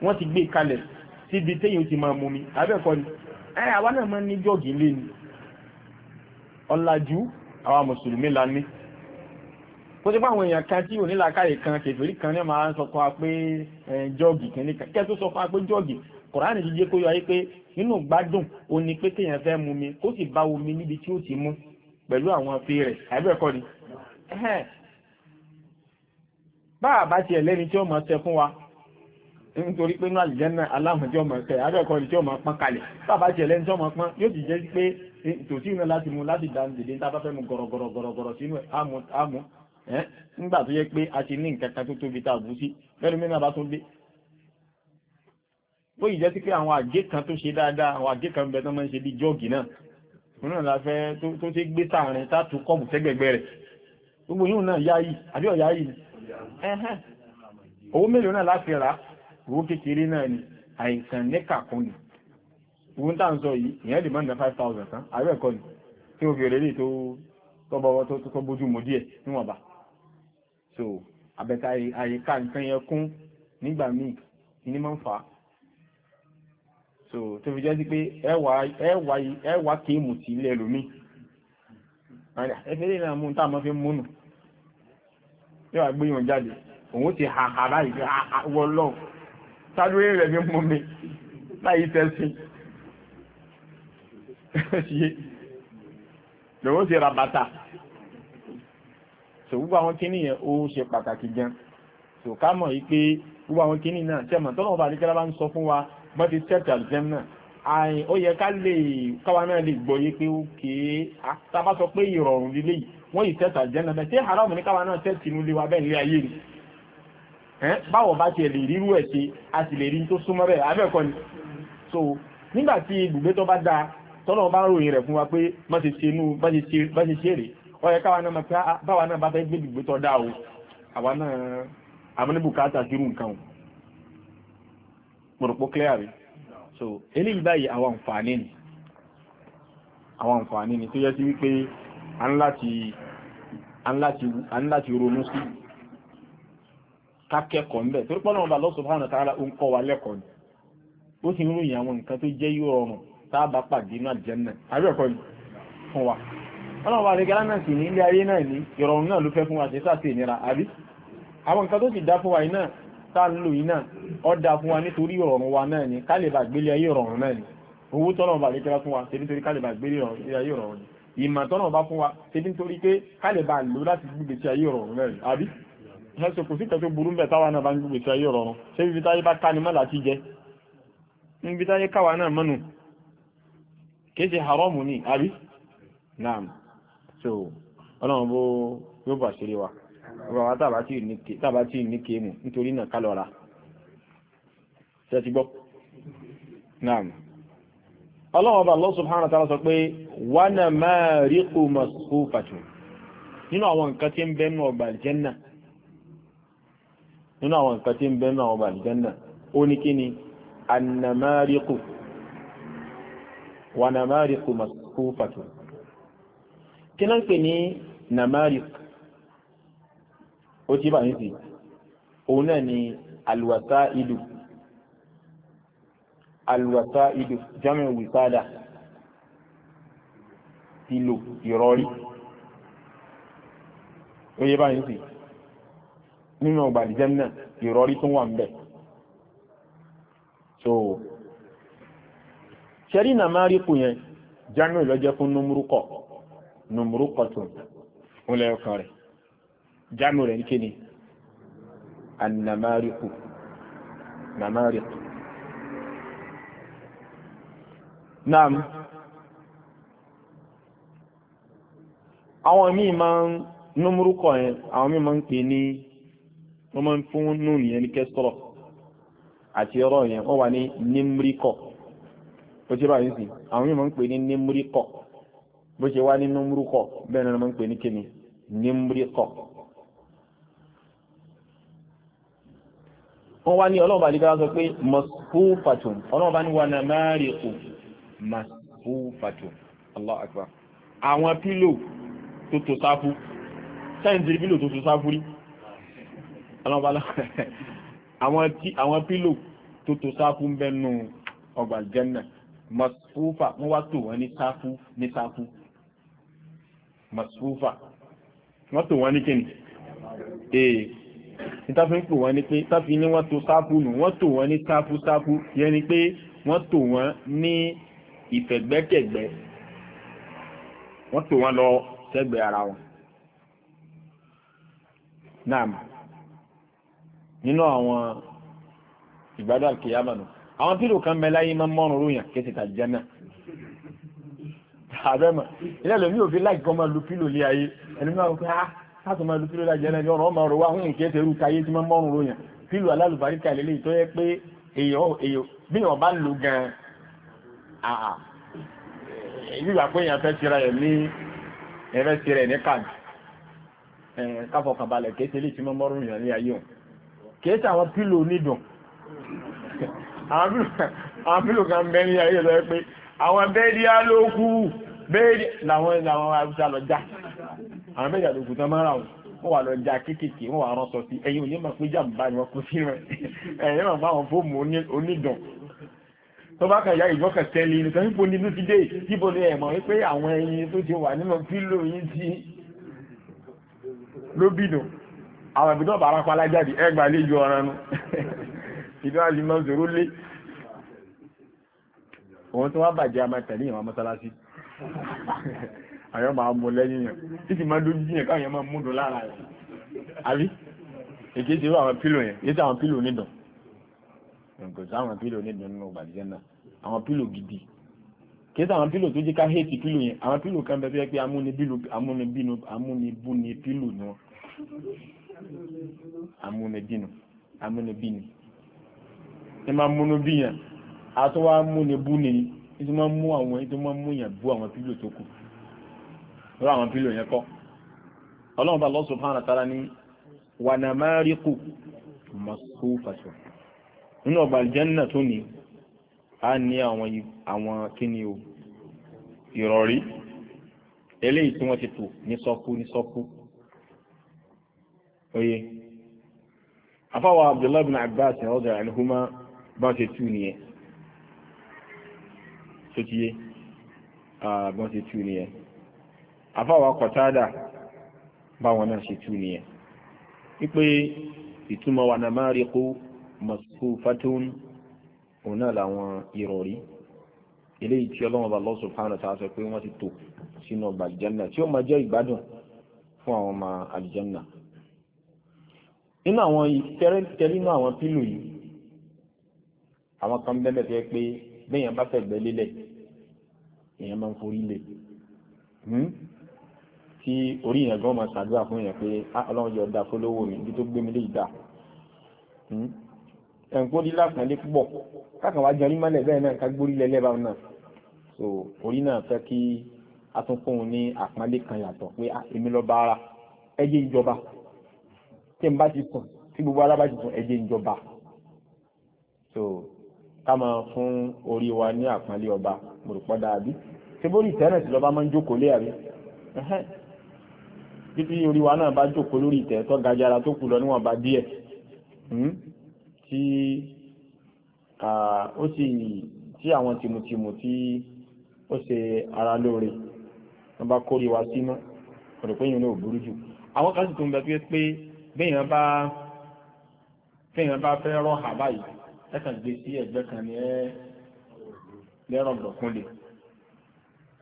wọ́n ti gbé kalẹ̀ síbi téyàn ti máa mú mi abẹ́ẹ̀kọ́ ni ẹ̀ àwa náà máa ní jọ́ọ̀gì lé ni ọ̀làjú àwa mùsùlùmí la ní tó ṣe fáwọn èèyàn kan tí ò nílàkàyè kan kèfèrí kan ní máa ń sọ fún wa pé jọ́ọ̀gì kìíní kan kẹ́ tó sọ fún wa pé jọ́ọ̀gì kọ̀ránì jíjẹ́ kó yọ ayé pé nínú gbádùn ó ní pé kéèyàn fẹ́ mu mi kó sì bá omi níbi tí ó ti mú pẹ̀lú àwọn fi rẹ̀ àbẹ́ẹ̀kọ́ ni. bá a bá tiẹ̀ lẹ́ni tí ó mọ̀ ṣe fún wa nítorí pé inú àlìjẹ́nà aláhùn tí ó mọ̀ ṣe àbẹ́ẹ̀kọ́ ni tí ó mọ̀ pọ́n kalẹ̀ bá a bá tiẹ̀ lẹ́ni tí ó mọ̀ pọ́n nígbà tó yẹ pé a ti ní nǹkan kan tó tóbi tá a bú sí fẹ́rù mẹ́rin bá tó dé ó yìí jẹ́ sí pé àwọn àgé kan tó ṣe dáadáa àwọn àgé kan bẹ tó máa ń ṣe bí jọ́ọ̀gì náà òun náà la fẹ́ tó ṣe gbé sáàrin tátù kọ́ọ̀bù sẹ́gbẹ̀gbẹ̀ rẹ̀ gbogbo yóò náà yáyì àbí ọ̀yá yìí owó mélòó náà láti rà owó kékeré náà ni àìsàn nẹ́kà kan ni owó tá à ń sọ yìí ìyẹn lè má nà five thousand kan àbẹ́ ni tí o fi rẹ̀ lè tó tọ́ bójú mọ́ díẹ̀ níwọ̀nba so àbẹ̀ka àyíká nǹkan yẹn kún nígbà míì ní máa ń fà á so tó fi jẹ́ sí pé ẹwà kéèmù sí ilé ẹlòmíì ẹfẹ́lẹ́ náà mú táàmọ́ fi múnù yóò wá gbé yàn jáde òun ti hàhà láì fi wọ lọ sádúré rẹ̀ fi mú mi láì tẹ́sí lòun ti ra bàtà so gbogbo àwọn kíní yẹn ó ṣe pàtàkì gan so ká mọ̀ yí pé gbogbo àwọn kíní náà tẹ́mọ̀ tọ́nà ọba àdékẹ́lá bá ń sọ fún wa bọ́n ti sẹ́ẹ̀tì àlùjẹ́m náà àì ó yẹ ká lè káwa náà lè gbọ́ yé pé ó ké tábà sọ pé ìrọ̀rùn lílé yìí wọ́n yìí sẹ́ẹ̀tì àlùjẹ́m náà bẹ́ẹ̀ tí haram ní káwa náà sẹ́ẹ̀tì inú ilé wa bẹ́ẹ̀ nílé ayé ni báwo bá tiẹ̀ lè rírú ẹ̀ ṣe a sì lè rí tó súnmọ́ bẹ́ẹ̀ abẹ́ẹ̀kọ́ ni so nígbà tí ibùgbé tó bá dáa tọ́nà ọba ń ròyìn rẹ̀ fún wa pé má ṣe ṣe rèé ọyẹ káwa náà mọ̀tí ah, báwa náà bá fẹ́ gbé gbígbé tọ́ dá o àwa náà amúnibùkátà sí irú nǹkan o pòròpó so eléyìí báyìí àwọn àǹfààní ni àwọn àǹfààní ni tó yẹ sí wípé a ń láti a ń láti a ronú sí kákẹ́kọ̀ọ́ ń bẹ̀ torí pọ́nà ọba Allah subhanahu wa ta'ala ó ń kọ́ wa lẹ́kọ̀ọ́ ni ó sì ń ròyìn àwọn nǹkan tó jẹ́ yóò rọrùn tá pàdé náà jẹ́ náà àbí ẹ̀kọ́ ni fún wa ọlọ́wọ́ àrígá náà sì ní ilé ayé náà ní ìrọ̀rùn náà ló fẹ́ fún wa jẹ́ sáà sí ìnira àbí àwọn nǹkan tó sì dá fún wa iná táà ń lò iná ó dá fún wa nítorí ìrọ̀rùn wa náà ni kálíbà gbélé ayé ìrọ̀rùn náà ni owó tọ́nà bá lè kẹ́lá fún wa ṣe nítorí kálíbà gbélé ayé ìrọ̀rùn ni ìmọ̀ tọ́nà bá fún wa ṣe nítorí pé kálíbà lò láti gbígbé sí ayé ìrọ̀rùn náà ni àbí ẹsẹ̀ kò sí kẹtó burú bẹ̀ táwa náà bá ni mọ́ láti so ọlọ́run bó yóò bà ṣeré wa ọba wa tàbá tí ní kéèmù nítorí náà ká lọ́ra ṣe ti gbọ́ naam ọlọ́run ọba Allah subhanahu wa ta'ala sọ pé wánà máa rí kò mọ̀ kó fàtó nínú àwọn nǹkan tí ń bẹ nínú ọgbà àlìjẹ́nà nínú àwọn nǹkan tí ń bẹ nínú ó ní kí ni wànàmárikù mọ̀ kí náà ń pè ní namarik ó ti bá yín sí òun náà ni alùwàsá ìlú alùwàsá ìlú jamiu wisada ìlò ìrọ̀rí ó yé bá yín sí nínú ọgbà àdìjẹ́mìnà ìrọ̀rí tó wà ń bẹ̀. so ṣẹ́rí nà máa rí kù yẹn jámẹ́ ìlọ́jẹ́ fún númúrúkọ̀ nùmúrú kọ̀tún òun lẹ́yọ̀ kan rẹ̀ jámù rẹ̀ nké ni anamariku namariku naam àwọn míì máa ń nùmúrú kọ̀ yẹn àwọn míì máa ń pè ní wọ́n máa ń fún nùn yẹn ní kẹ́sọ̀rọ̀ àti ọ̀rọ̀ yẹn wọ́n wà ní nímúríkọ̀ ó ti báyìí sí àwọn míì máa ń pè ní nímúríkọ̀ bó ṣe wá ní numrukọ bẹ́ẹ̀ náà máa ń pè ní kíni nimrikọ. wọ́n wá ní ọlọ́run bá nígbà sọ pé masfufatun ọlọ́run ní wà náà máa rí kù masfufatun allah akbar àwọn pílò tó tó sáfú sẹ́yìndì pílò tó tó sáfú rí ọlọ́run bá àwọn pílò tó tó sáfú ń bẹ́nu ọgbà jẹ́nà masfufa wọ́n wá tò wọ́n ní sáfú masufa wọ́n tó wọ́n ní kíni ee eh, níta fi ń pò wọ́n ní pé táfi ní wọ́n tó sáfù nù wọ́n tó wọ́n ní sáfù sáfù yẹn ni pé wọ́n tó wọ́n ní ìfẹ̀gbẹ́kẹ̀gbẹ́ wọ́n tó wọ́n lọ sẹ́gbẹ̀ẹ́ ara wọn naam nínú àwọn ìgbádùn àkèyàmọ̀ nù àwọn pílò kan mẹ́láyé máa ń mọ́rùn-ún yàn kéṣe tàjẹ́ náà àbẹ́mọ̀ ilẹ̀ lómi ò fi láì kan máa lu pílò lé ayé ẹni máa wọ́n pé á ah, káàtó máa lu pílò lájẹ́ ẹni ọ̀rọ̀ máa rọ wá hún kí ẹsẹ̀ rúta ayé tí máa mọ́rùn ròyàn pílò alálùbáríkà lélẹ̀ tó yẹ pé èèyàn bí wọ́n bá lò gan àà ìgbà pé èèyàn fẹ́ tira ẹ̀ ní ẹ̀fẹ́ tira ẹ̀ ní káàdì káfọ̀kànbalẹ̀ kí ẹsẹ̀ lè tí máa mọ́rùn ròyàn ní ayé òun kì í sàwọn pílò onídùn àwọn pílò kan bẹ́ẹ̀ ní ayé lọ pé àwọn bẹ́ẹ̀ díá ló kú bẹ́ẹ̀rẹ̀ làwọn làwọn abúta lọ já àwọn mẹ́jà ló gùn tán máa ràn wọ́n wà lọ já kéékèèké wọ́n wà rán sọ sí ẹ̀yin òní mọ̀ pé jàǹbá ni wọ́n kú sí rẹ̀ ẹ̀yin mọ̀ bá wọn fóòmù onídàn tó bá kàn ya ìjọ kan tẹ́lẹ̀ nìkan níbo ni ló ti dé níbo ni ẹ̀mọ̀ wípé àwọn ẹyin tó ti wà nínú pílò yín ti ló bìnú àwọn ìbídọ́ bàrá pa alájáde ẹgbà lẹ́jọ́ ọ̀ràn nu ìdó àlìmọ́ zòró lé òun tó wá bàjẹ́ àmàtẹ̀lé ìwọ̀n mọ́sálásí àyọ́ máa mú lẹ́yìn yẹn títí máa dójú yẹn káwọn yẹn máa múdùn lára yẹn àbí èké ti rú àwọn pílò yẹn yéé àwọn pílò onídùn kò sí àwọn pílò onídùn nínú gbàdúgbò náà àwọn pílò gidi kìí sáwọn pílò tó jẹ́ ká héètì pílò yẹn àwọn pílò kan bẹ tó yẹ pé amúnibíni pílò ni wọn amúnibíni amúnibíni ẹ máa múnú bí yẹn àtúwá amúnibú ni ètò máa ń mú àwọn ètò máa ń mú yàn bú àwọn pílò tó kù lọ́wọ́ àwọn pílò yẹn kọ́ ọlọ́run bá Allah subhanahu wa ta'ala ní wànàmárìkù mọ̀sófàṣọ nínú ọgbà àlìjẹ́nà tó ní a ní àwọn kíni o ìrọ̀rí eléyìí tí wọ́n ti tò ní sọ́kú ní sọ́kú oye afáwọ̀ Abdullahi bin Abbas radiyallahu anhuma bá ti tú nìyẹn tó ti yé àgbọn ti tú nìyẹn àfáwà kọ̀tádà báwọn náà ṣe tú nìyẹn wípé ìtumọ̀ wà náà máa rí kó mọ̀sùkú fatun òun náà làwọn ìrọ̀rí eléyìí tí ọlọ́wọ́n bá Allah subhanahu wa ta'ala sọ pé wọ́n ti tò sínú ọgbà àlìjánà tí ó máa jẹ́ ìgbádùn fún àwọn ọmọ àlìjánà nínú àwọn ìtẹ́rẹ́tẹ́rẹ́ nínú àwọn pílù yìí àwọn kan bẹ́ẹ̀ bẹ́ẹ̀ pé bẹ́yàn bá fẹ̀gbẹ́ lélẹ̀ èèyàn máa ń forí lé hmm? tí orí yẹn gan máa ṣàdúrà fún yẹn pé ah, ọlọ́run yọ ọ̀dà fọlọ́wọ́ mi ibi tó gbé mi lè dà hmm? ẹ̀ǹkó lílá pẹ̀lú púpọ̀ kákan wá jẹun mọ́lẹ̀ bẹ́ẹ̀ náà ká gbórí lẹ́lẹ́ bá náà so orí náà fẹ́ kí atúnkóhun ní àpọ́nlé kan yàtọ̀ pé ah, èmi lọ bá ara ẹjẹ́ ìjọba tí n bá ti sùn tí gbogbo ara ti sùn ẹjẹ́ ìjọba so kama máa fún orí wa ní àpọ́nlé ọba mùrùpọ̀ dàbí ṣé bórí ìtẹ́rẹ̀ sí lọ́ba máa ń jókòó lé àbí títí orí wa náà bá jókòó lórí ìtẹ́ tó ga jara tó kù lọ níwọ̀n bá díẹ̀ hmm, tí ó sì tí àwọn tìmùtìmù tí ó ṣe ara lóore wọ́n bá kórè wa sínú ọ̀rọ̀ pé yìí ní ò burú jù àwọn kan sì tún bẹ pé pé bá fẹ́ rọ́ hà ẹ kàn gbé sí ẹ̀gbẹ́ kan ní ẹ lẹ́rọ̀ lọ́kúnlẹ̀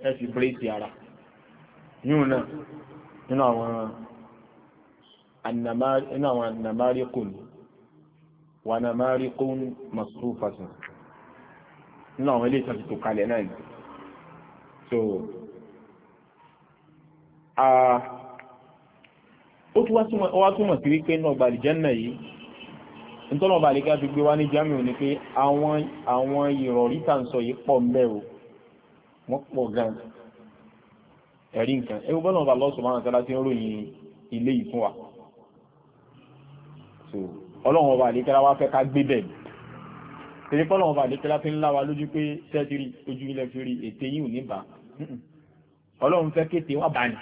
ẹ fi bírèsì ara yóò náà nínú àwọn ànàmárí kò ní wà ànàmárí kò ní masrufatun nínú àwọn ilé ìtàn tuntun kalẹ̀ náà ni so ó tún wá túmọ̀ sí wípé náà gbàlìjẹ́ náà yìí nítorí ọba àlekà fi gbé wá ní jamiu ni pé àwọn àwọn ìrọ̀rí tà ń sọ yìí pọ̀ ń bẹ̀rù wọ́n pọ̀ gan ẹ̀rí nǹkan ewu bọ́lá ọba Allah subhanahu wa ta'ala ti ń ròyìn ilé yìí fún wa ọlọ́run ọba àlekà wá fẹ́ ká gbé bẹ̀rù tẹ̀lé bọ́lá ọba àlekà fi ń lá wa lójú pé sẹ́tìrì ojú ilẹ̀ fi rí ète yìí ò ní bá ọlọ́run fẹ́ kéte wá bá ní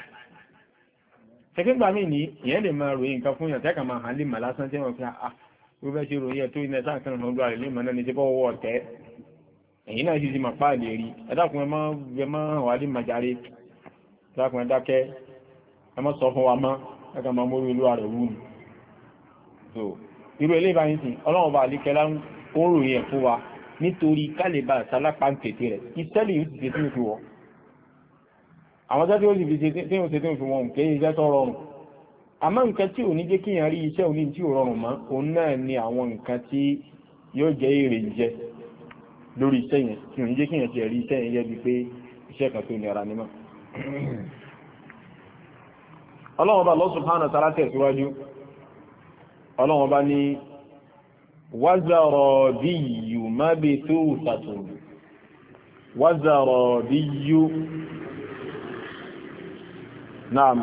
ṣẹ́kẹ́gbà mí ìyẹn lè máa ròyìn nǹkan fún yàn hàn lè mà lásán tẹ́wọ̀n fi ah, rúbẹ́ ṣe ròyìn ẹ̀tọ́ iná ẹ̀sán kan lọ́dọ̀ àrẹ lẹ́mọ̀ náà ní ṣe bọ́wọ́ ọ̀tẹ́ ẹ̀yìn náà sì ti màpá àlè rí ẹ̀dàkùn ẹ mọ́ wà ní màjáre ẹ̀dàkùn ẹ dákẹ́ ẹ mọ́ sọ fún wa mọ́ ẹ̀ka máa mórí olú àrẹ wù mí. so irú ilé ìbáyìí sìn ọlọ́run bá àlékẹ́ láwọn ó ẹ̀ fún wa nítorí kálíbà sálápá ń tètè rẹ̀ ìṣẹ́lẹ̀ yóò ti ṣe tí mo fi wọ̀ àwọn sẹ́tí ó sì fi ṣe tí mo ṣe tí mo fi wọ̀ kéyìn iṣẹ́ tó rọrùn àmọ́ nǹkan tí ò ní jẹ́ kíyàn rí iṣẹ́ òní tí ò rọrùn mọ́ òun náà ni àwọn nǹkan tí yóò jẹ́ èrè jẹ lórí iṣẹ́ yẹn tí ò ní jẹ́ kíyàn ti rí iṣẹ́ yẹn yẹ́ bí pé iṣẹ́ kan tó nira ni mọ́ ọlọ́wọ́n bá Allah subhanahu wa ta'ala tẹ̀síwájú ọlọ́wọ́n bá ní wazaradiyu mabthuthatun wazaradiyu naam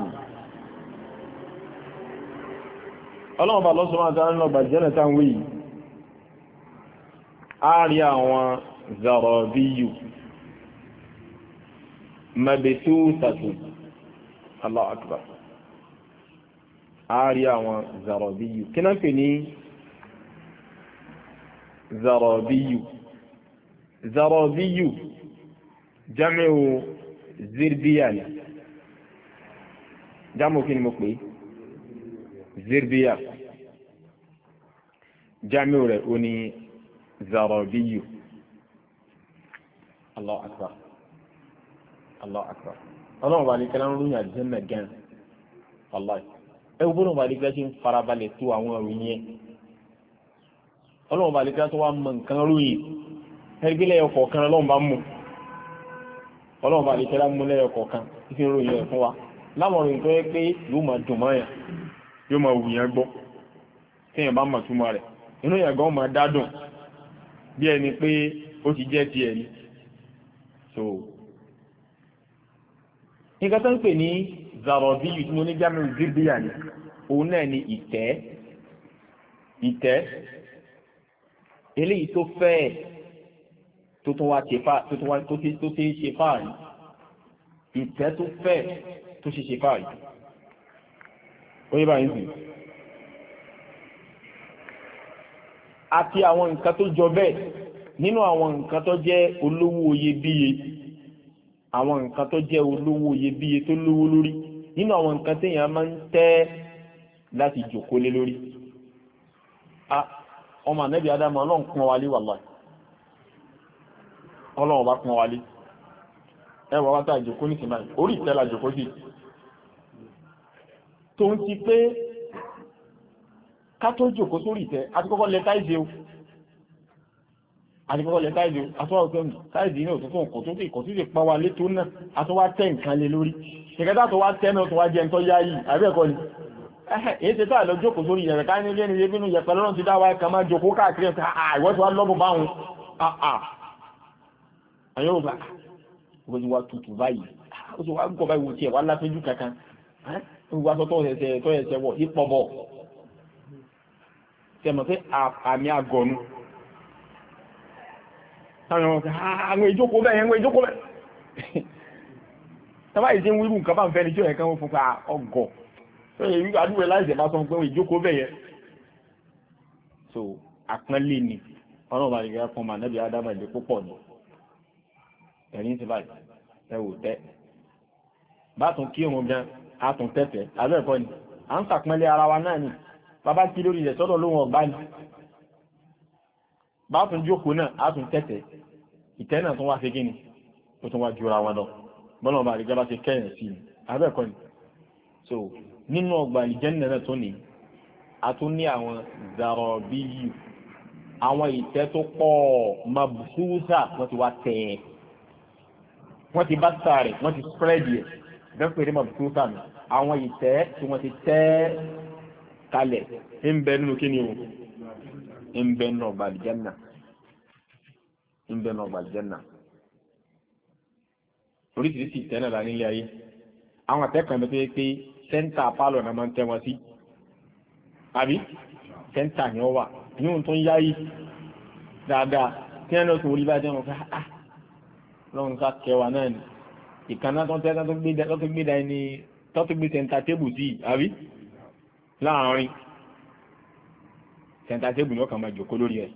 ọlọ́run bá lọ́sọ́ máa dáná lọ́gbà jẹ́nà tá ń wí yìí á rí àwọn zọ̀rọ̀bíyù mẹ́bẹ̀tú tàtù Allahu Akbar á rí àwọn zọ̀rọ̀bíyù kí náà pè ní zọ̀rọ̀bíyù zọ̀rọ̀bíyù jamiu zirbiyani jamu kí ni mo pè zirbiya jamiu rẹ̀ ó ní zarabiyu Allahu akbar Allahu akbar ọlọ́run bá nìkan ń ròyìn àdìsẹ́nà gan wàláì ẹ wo bọ́lọ́run bá nìkan ṣe ń farabalẹ̀ tó àwọn ìròyìn yẹn ọlọ́run bá nìkan tó wá mọ nǹkan ròyìn ẹgbẹ́lẹ̀ ọkọ̀ kan ọlọ́run bá mú ọlọ́run bá nìkan mú lẹ́yọ kọ̀ọ̀kan fífi ròyìn rẹ̀ fún wa láwọn ròyìn tó yẹ pé yóò máa dùn mọ́ yẹn yóò máa wù yẹn gbọ́ téèyàn bá mọ̀ túmọ̀ rẹ̀ inú yẹ̀gọ́ ma dádùn bí ẹni pé ó ti jẹ́ ti ẹni so nǹkan tó ń pè ní zaroviyu tí mo ní jámẹ́ zibiya ni òun náà ni ìtẹ́ ìtẹ́ eléyìí tó fẹ́ ẹ̀ tó tún wá ṣe ṣe fáàrí ìtẹ́ tó fẹ́ tó ṣe ṣe fáàrí ó yẹ báyìí àti àwọn nǹkan tó jọ bẹ́ẹ̀ nínú àwọn nǹkan tó jẹ́ olówó iyebíye àwọn nǹkan tó jẹ́ olówó iyebíye tó lówó lórí nínú àwọn nǹkan téèyàn máa ń tẹ́ láti jòkó lé lórí ọmọ ànẹ́bí adámọ́ ọlọ́run pọn wálé wallahi ọlọ́run bá pọn wálé ẹwà wátà ìjòkó ní sinai orí ìtẹ́lá jòkó sí tó ń ti pé ká tó jòkó sórí ìtẹ́ àti kọ́kọ́ lẹ táìsì o àti kọ́kọ́ lẹ táìsì o àtúwà òkè táìsì náà tuntun kò tó kò tó lè pa wa létò náà àtúwà tẹ nǹkan lé lórí ìkẹta tó wá tẹ tó wá jẹ nǹkan yá yìí àbí ni èyí ṣe táà lọ jòkó sórí ìyẹ̀rẹ̀ ká ní lẹ́nu ebínú yẹ̀pẹ̀ lọ́rùn ti dá wa máa jòkó káàkiri ẹ̀ka ah, tẹmọ̀ pé àmì àgọ̀nù ah, àwọn ìjókòó bẹ́ẹ̀ àwọn ìjókòó bẹ́ẹ̀ tọ́bá ìṣe ń wírù nǹkan ah, bá ń ìjókòó bẹ́ẹ̀ yẹ so àpọ́nlé ni ọlọ́run bá nìkan fún ọmọ anábì ádámà ìdí púpọ̀ ni ẹ̀rín ti báyìí ẹ wò tẹ́ bá tún kí òun gan a tún tẹ́tẹ́ abẹ́ẹ̀kọ́ ni à ń sàpọ́nlé ara wa náà ni bàbá kí lórí rẹ̀ sọ́dọ̀ lóhun ọ̀gbá ni bá tún jókòó náà á tún tẹ̀tẹ̀ ìtẹ́ náà tún wá ṣe gíní ó tún wá jura wọn lọ bọ́lá ọba àríjábá ṣe kẹ́yìn sí abẹ́ẹ̀kọ́ ni so nínú ọgbà àlìjẹ́nà náà tó ní a tún ní àwọn zarọ̀bíyù àwọn ìtẹ́ tó pọ̀ mabusúsà wọ́n ti wá tẹ̀ ẹ́ wọ́n ti bá sáré wọ́n ti spread yẹ bẹ́ẹ̀ pé ní mabusúsà mi àwọn ìtẹ́ tí wọ́n ti tẹ́ kalẹ̀ ń bẹ nínú kí ni o ń bẹ nínú ọgbà àlìjánà ń bẹ nínú ọgbà àlìjánà oríṣiríṣi ìtẹ́ la nílé ayé àwọn àtẹ́kàn bẹ́ẹ̀ pé sẹ́ńtà pálọ̀ náà máa ń tẹ́ wọn sí àbí sẹ́ńtà ni ó wà ní ohun tó ń yáyí dáadáa tí wọ́n lọ sí orí bájẹ́ wọn fẹ́ ah, ah. lọ́run ká kẹwàá náà ni ìkànnà tó ń tẹ́ tó gbé dání tó gbé sẹ́ńtà tébù sí àbí láàrin sẹ́ńtà tébù ni wọ́n kàn máa jòkó lórí ẹ̀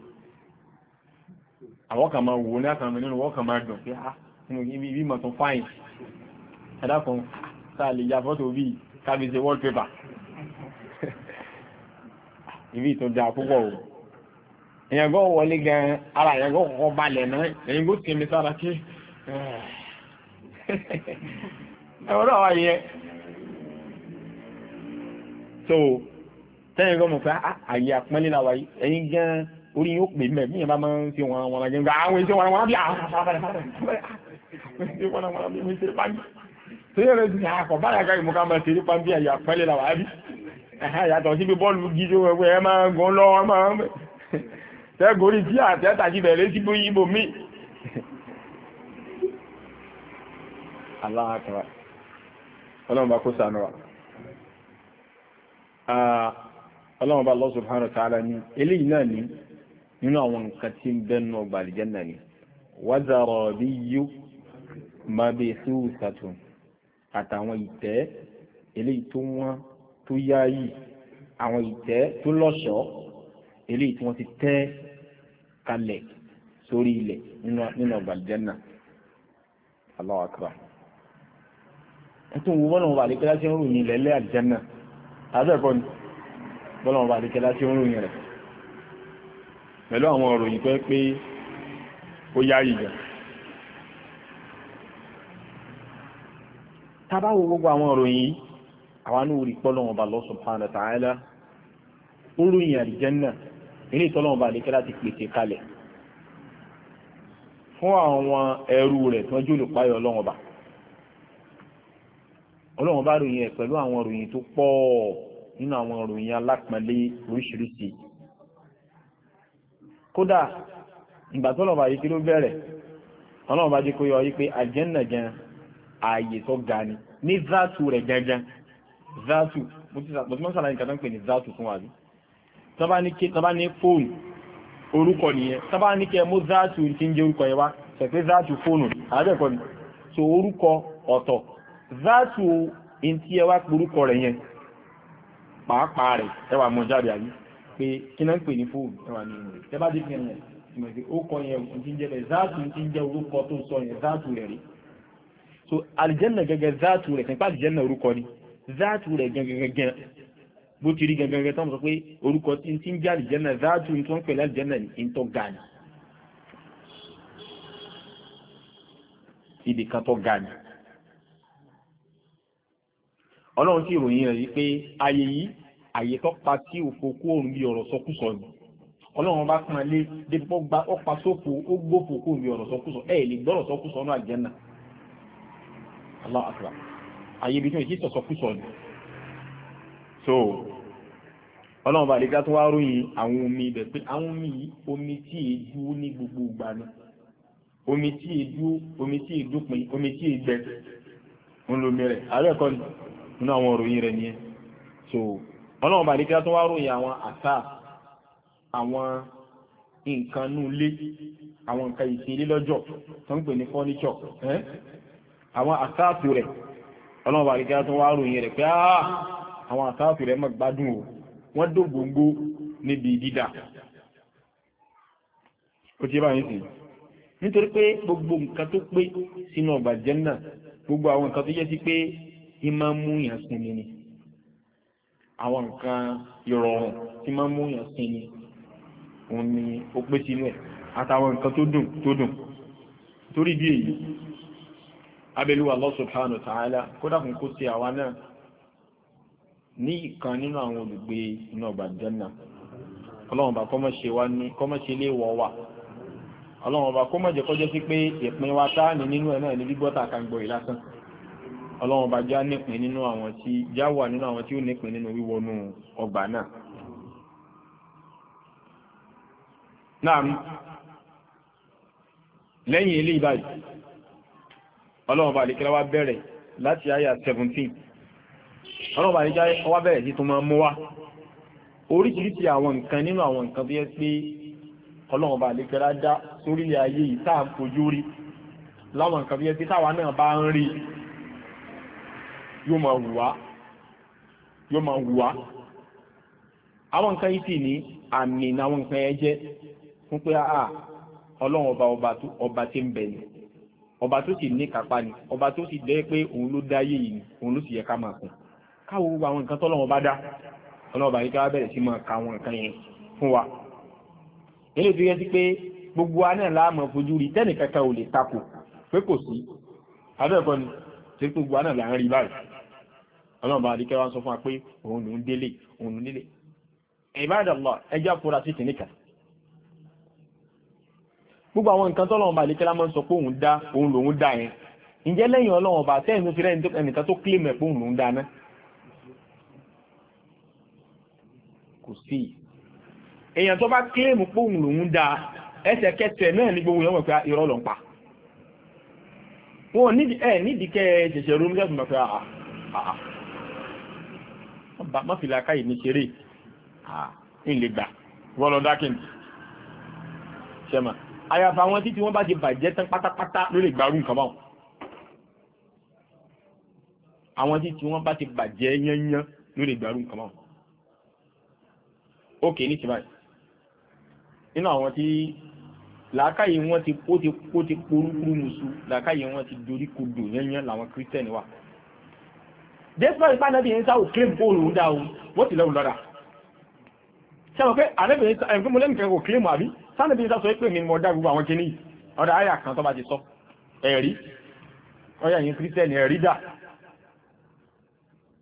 àwọn kan máa wò ní àkàmì nínú wọ́n kàn máa dùn pé á nínú ibi ibi mọ̀ tún fáìn ẹ̀dàkùn sáà lè ya fọ́tò bíi kábi ṣe wallpaper ibi tó dáa púpọ̀ o èèyàn gbọ́ wọlé gan ara èèyàn gbọ́ kọ́kọ́ balẹ̀ náà èyí gbó sinmi sára kí ẹ̀wọ̀n náà so tẹ́yìn gan mọ̀ pé ah, àyè àpọ́nlé la wáyé ẹ̀yin gan orí yóò pè mẹ́ mí yẹn bá máa ń fi wọn wọn àjẹmí gba àwọn iṣẹ́ wọn wọn bí àwọn afárá sẹ́yìn rẹ̀ ti àkọ́ ah, báyà ká ìmúká máa ṣe nípa bí àyè àpọ́nlé la wáyé yàtọ̀ sí bí bọ́ọ̀lù gidi wẹ̀wẹ̀ ẹ máa gan lọ ẹ máa ń tẹ́gòrí tí àtẹ́ta ti bẹ̀rẹ̀ sí bí ibò mí aláàkàrà ọlọ́run bá kó sànú wa ọlọ́run bá lọ́sùn fún àrọ̀tàlá ní eléyìí náà ní nínú àwọn nǹkan tí ń bẹ́nu ọgbà àlìjẹ́nà ni wàzàrọ̀ bí yíó máa bẹ sí ìsàtún àtàwọn ìtẹ́ eléyìí tó wọ́n tó yáyì àwọn ìtẹ́ tó lọ́ṣọ̀ọ́ eléyìí tí wọ́n ti tẹ́ kalẹ̀ sórí ilẹ̀ nínú ọgbà àlìjẹ́nà Allahu akbar. ẹ tún wo bọ́lá wọn bá lè kí láti ń ròyìn ilẹ̀ lẹ́ àlìjẹ́nà àbẹ́ẹ̀kọ́ ni bọ́lọ̀wọ̀n bá dékẹ́lá tí ó ń ròyìn rẹ̀ pẹ̀lú àwọn òròyìn pé pé ó yáyì jẹ́ tàbáwò gbogbo àwọn òròyìn yìí àwọn anúwòrì pọ́lọ̀wọ̀n bá Allah subhanahu wa ta'ala ó ròyìn àlìjẹ́nnà ilé ìtọ́lọ́wọ̀n bá dékẹ́lá ti pèsè kalẹ̀ fún àwọn ẹrú rẹ̀ tí wọ́n jólùpáyọ̀ ọlọ́wọ̀n bá ọlọ́run bá ròyìn ẹ̀ pẹ̀lú àwọn ròyìn tó pọ̀ nínú àwọn ròyìn alápọ̀nlé oríṣiríṣi kódà ìgbà tó lọ́ba yìí kí ló bẹ̀rẹ̀ ọlọ́run bá jẹ́ kó yọ wípé àjẹ́nà gan ààyè tó ga ni ní záàtù rẹ̀ gangan záàtù mo ti mọ́ sàlàyé nǹkan tó ń pè ní záàtù fún wa bí tọ́ba ní fóònù orúkọ nìyẹn tọ́ba ní kẹ́ mú záàtù tí ń jẹ́ orúkọ yẹn wá sọ záàtù fóònù àbẹ́ẹ̀kọ́ ni so orúkọ ọ̀tọ̀ záàtù in tí ẹ wá porúkọ rẹ̀ yẹn pàápàá rẹ̀ ẹ wà mọ̀ jáde àbí pé kí náà ń pè ní fóònù ẹ wà ní ìwé ẹ bá dé fi hàn yẹn ìmọ̀ ìpè ó kọ yẹn ohun tí ń jẹ́ bẹ́ẹ̀ záàtù tí ń jẹ́ orúkọ tó sọ yẹn záàtù rẹ̀ rí so àlìjẹ́nà gẹ́gẹ́ záàtù rẹ̀ kẹ́ńpá àlìjẹ́nà orúkọ ni záàtù rẹ̀ gẹ́gẹ́gẹ́ bó ti rí gẹ́gẹ́gẹ́ tó ń sọ pé orúkọ tí ń tí ń jẹ́ àlìjẹ́nà záàtù tó ń pè lálìjẹ́nà ń tọ́ ga ni ibì kan tó ga ni ọlọ́run sì ròyìn rẹ̀ wípé ayé yìí ayé tó pa tí òfò kó òrùn bí ọ̀rọ̀ sọkúsọ ni ọlọ́run bá pọn lé débi tó gba ó pa sófo ó gbófo kó òrùn bí ọ̀rọ̀ sọkúsọ ẹ̀ lè gbọ́rọ̀ sọkúsọ náà àlùjánnà Allah akbar ayé ibi tí wọ́n ti sọ sọkúsọ ni. so ọlọ́run bá lè dá tó wá ròyìn àwọn omi ibẹ̀ pé àwọn omi yìí omi tí èé dúró ní gbogbo ìgbà ni omi tí èé dúró omi tí èé dúpin omi tí èé gbẹ ń lo omi rẹ̀ àárẹ̀ kọ́ni nínú àwọn ìròyìn rẹ̀ nìyẹn so ọlọ́run bàdé kí wọ́n tún wá ròyìn àwọn àṣà àwọn nǹkan nú ilé àwọn nǹkan ìsinlé lọ́jọ́ tó ń pè ní fọ́níṣọ̀ àwọn àṣàtù rẹ̀ ọlọ́run bàdé kí wọ́n tún wá ròyìn rẹ̀ pé àwọn àṣàtù rẹ̀ mọ̀ gbádùn o wọ́n dògbòǹgbò níbi dídà ó ti bá yín sìn nítorí pé gbogbo nǹkan tó pé sínú ọgbà Jánnà gbogbo àwọn nǹkan tó yẹ sí pé tí máa ń mú yàn sinmi ni àwọn nǹkan ìrọ̀rùn tí máa ń mú yàn sinmi òun ni ó pé sínú ẹ̀ àtàwọn nǹkan tó dùn tó dùn torí bí èyí abẹ́lúwà Allah subhanahu wa ta'ala kódà fún kó ṣe àwa náà ní ìkan nínú àwọn olùgbé iná ọgbà jẹ́nà ọlọ́run bá kọ́mọ́ ṣe ní kọ́mọ́ ṣe lé wà ọlọ́run bá kọ́mọ́ sí pé ìpín wa táà ní nínú ẹ̀ náà ní bíbọ́tà kan gbòrì lásán ọlọ́run bá já nípìn nínú àwọn tí já wà nínú àwọn tí ó nípìn nínú wíwọnú ọgbà náà. Naam lẹ́yìn ilé ìbáyìí ọlọ́run bá lè kíra wá bẹ̀rẹ̀ láti àyà 17 ọlọ́run bá lè já wá bẹ̀rẹ̀ sí tó máa mú wá oríṣiríṣi àwọn nǹkan nínú àwọn nǹkan tó yẹ pé ọlọ́run bá lè kíra dá sórí ayé yìí tá rí láwọn nǹkan tó yẹ pé táwa náà bá ń rí yóò máa wù wá yóò máa wù wá àwọn nǹkan yìí sì ní àmì náwọn nǹkan yẹn jẹ́ fún pé àà ọlọ́run ọba ọba tí ń bẹ ni ọba tó sì ní kápá ni ọba tó sì jẹ́ pé òun ló dáyé yìí òun ló sì yẹ ká máa kùn káwo gbogbo àwọn nǹkan tọ́lọ́run bá dá ọlọ́run ọba yìí ká bẹ̀rẹ̀ sí máa ka àwọn nǹkan yẹn fún wa eléyìí tó yẹ sí pé gbogbo wa náà láàmú fojú rí tẹ́nì ò lè takò pé kò sí abẹ́ẹ̀kọ́ ni torí gbogbo wa náà là ń rí báyìí ọlọ́run bá adíkẹ́ wá sọ fún wa pé òun lòún délé òun nílé ìbádàlá ẹjẹ́ àpòrà sí kìníkà gbogbo àwọn nǹkan tọ́lọ́run bá adíkẹ́ lámọ́ sọ pé òun dá òun lòún dá yẹn ǹjẹ́ lẹ́yìn ọlọ́run bá tẹ́yìn tó fi rẹ́ ẹnìkan tó kílèmù pé òun lòún dá kò sí èèyàn tó bá kílèmù pé òun lòún dá ẹsẹ̀kẹsẹ̀ náà ní gbogbo yẹn pé irọ́ ló pa wọn nídìí kẹ́ ẹ ṣẹ̀ṣẹ̀ ronú kẹ́sùn mọ̀ pé àà ah, àà ah, ah, mọ́fìlà káyì ní ṣeré ìlègbà wọ́lọ́dákìn ṣẹ́mà àyàfà àwọn títí wọ́n bá ti bàjẹ́ tán pátápátá ló lè gbárù nǹkan báwọn àwọn títí wọ́n bá ti bàjẹ́ yányán ló lè gbárù nǹkan báwọn ókè ní tìbáyì nínú àwọn tí làákàyè wọn ti kó ti kó ti porúkúrú musu làákàyè wọn ti dorí kodò yányán làwọn kírísítẹ́nì wà despite ìpá nàbí ìyẹn sáwò claim fóònù ń dá o wọ́n ti lẹ́wọ̀n lọ́dà sẹ́wọ̀n pé àrẹ́bìnrin ẹ̀fún mo lẹ́nu kẹ́kọ̀ọ́ claim àbí sánàbí ìsá sọ pé mi mọ̀ dá gbogbo àwọn kìíní ọ̀dà àyà kan tó bá ti sọ ẹ̀rí ọyà yìí kírísítẹ́nì ẹ̀rí dà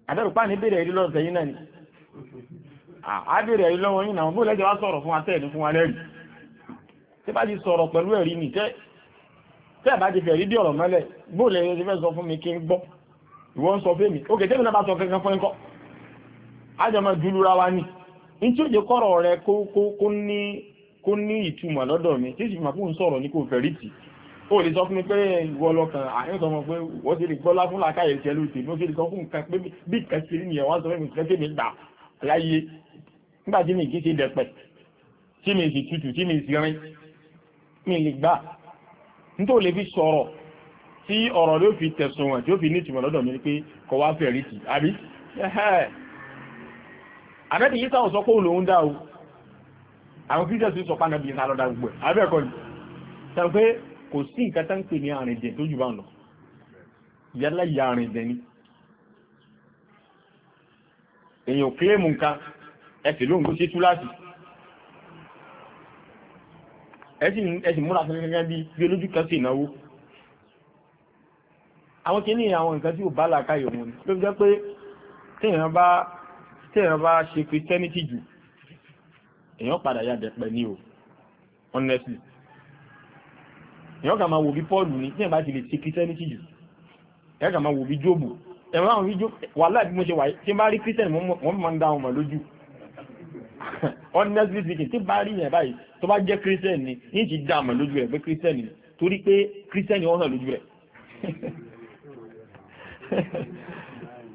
àdẹ́rùpá ní bèrè ẹ̀rí lọ́sẹ̀ yìí náà ni àbèrè ẹ̀rí lọ́wọ́ yìí náà bó lẹ́jọ́ wá sọ̀rọ̀ fún atẹ́ẹ̀ni fún alẹ́rì tí bá ti sọ̀rọ̀ pẹ̀lú ẹ̀rí nì tẹ́ tẹ́ bá ti fẹ̀rí dí ọ̀rọ̀ mọ́lẹ̀ bó lẹ́jọ́ ti fẹ́ sọ fún mi kí n gbọ́ ìwọ́n sọ fẹ́mi ó kẹ̀kẹ́ mi náà bá sọ kankan fún ẹ̀kọ́ ájọmọ́ júlúra wa ní in tí ó jẹ́ kọ́rọ̀ rẹ kó ní ìtumọ̀ lọ́dọ̀ mi tí ìsìnkú ń sọ̀rọ̀ ní kò fẹ̀rí tì ó lè sọ fún mi pé ìwọ lọ́kàn àyẹ́sọmọ pé wọ́n ti lè gbọ́lá fún làkàyè tí ẹlú tèmi ó sì lè sọ fún nǹkan pé bí kẹsì ní ẹ̀wọ́n sọ fún mi kẹsì mi gbà láyé nígbà tí mi kì í ṣe dẹ̀pẹ̀ tí mi sì tutù tí mi sì rin mi lè gbà nítorí lè fi sọ̀rọ̀ tí ọ̀rọ̀ ló fi tẹ̀sùn wọn tí ó fi ní ìtumọ̀ lọ́dọ̀ mi pé kọ wá fẹ́ rí ti àbí àbẹ́bí yìí sáwọn sọ pé òun lòun dá o àwọn christians sọ pé ànábì sá lọ́dá gbogbo ẹ̀ abẹ́ẹ̀kọ́ ni sọ pé kò sí nǹkan tá ń pè ní àwọn kìíní àwọn nǹkan tí ò bá làákàyè wọn ni ló fi jẹ́ pé téèyàn bá téèyàn bá ṣe christianity jù èèyàn padà yà dẹ̀pẹ̀ ní o honestly èèyàn kà máa wò bí paul ní téèyàn bá ti lè ṣe christianity jù èèyàn kà máa wò bí job ẹ̀rọ àwọn fíjó wà láti mo ṣe wà tí bá rí christian wọ́n máa ń dá wọn lójú honestly speaking tí bá rí yẹn báyìí tó bá jẹ́ christian ni yìí ti dá mọ̀ lójú rẹ̀ pé christian ni torí pé christian ni wọ́n hàn lójú rẹ̀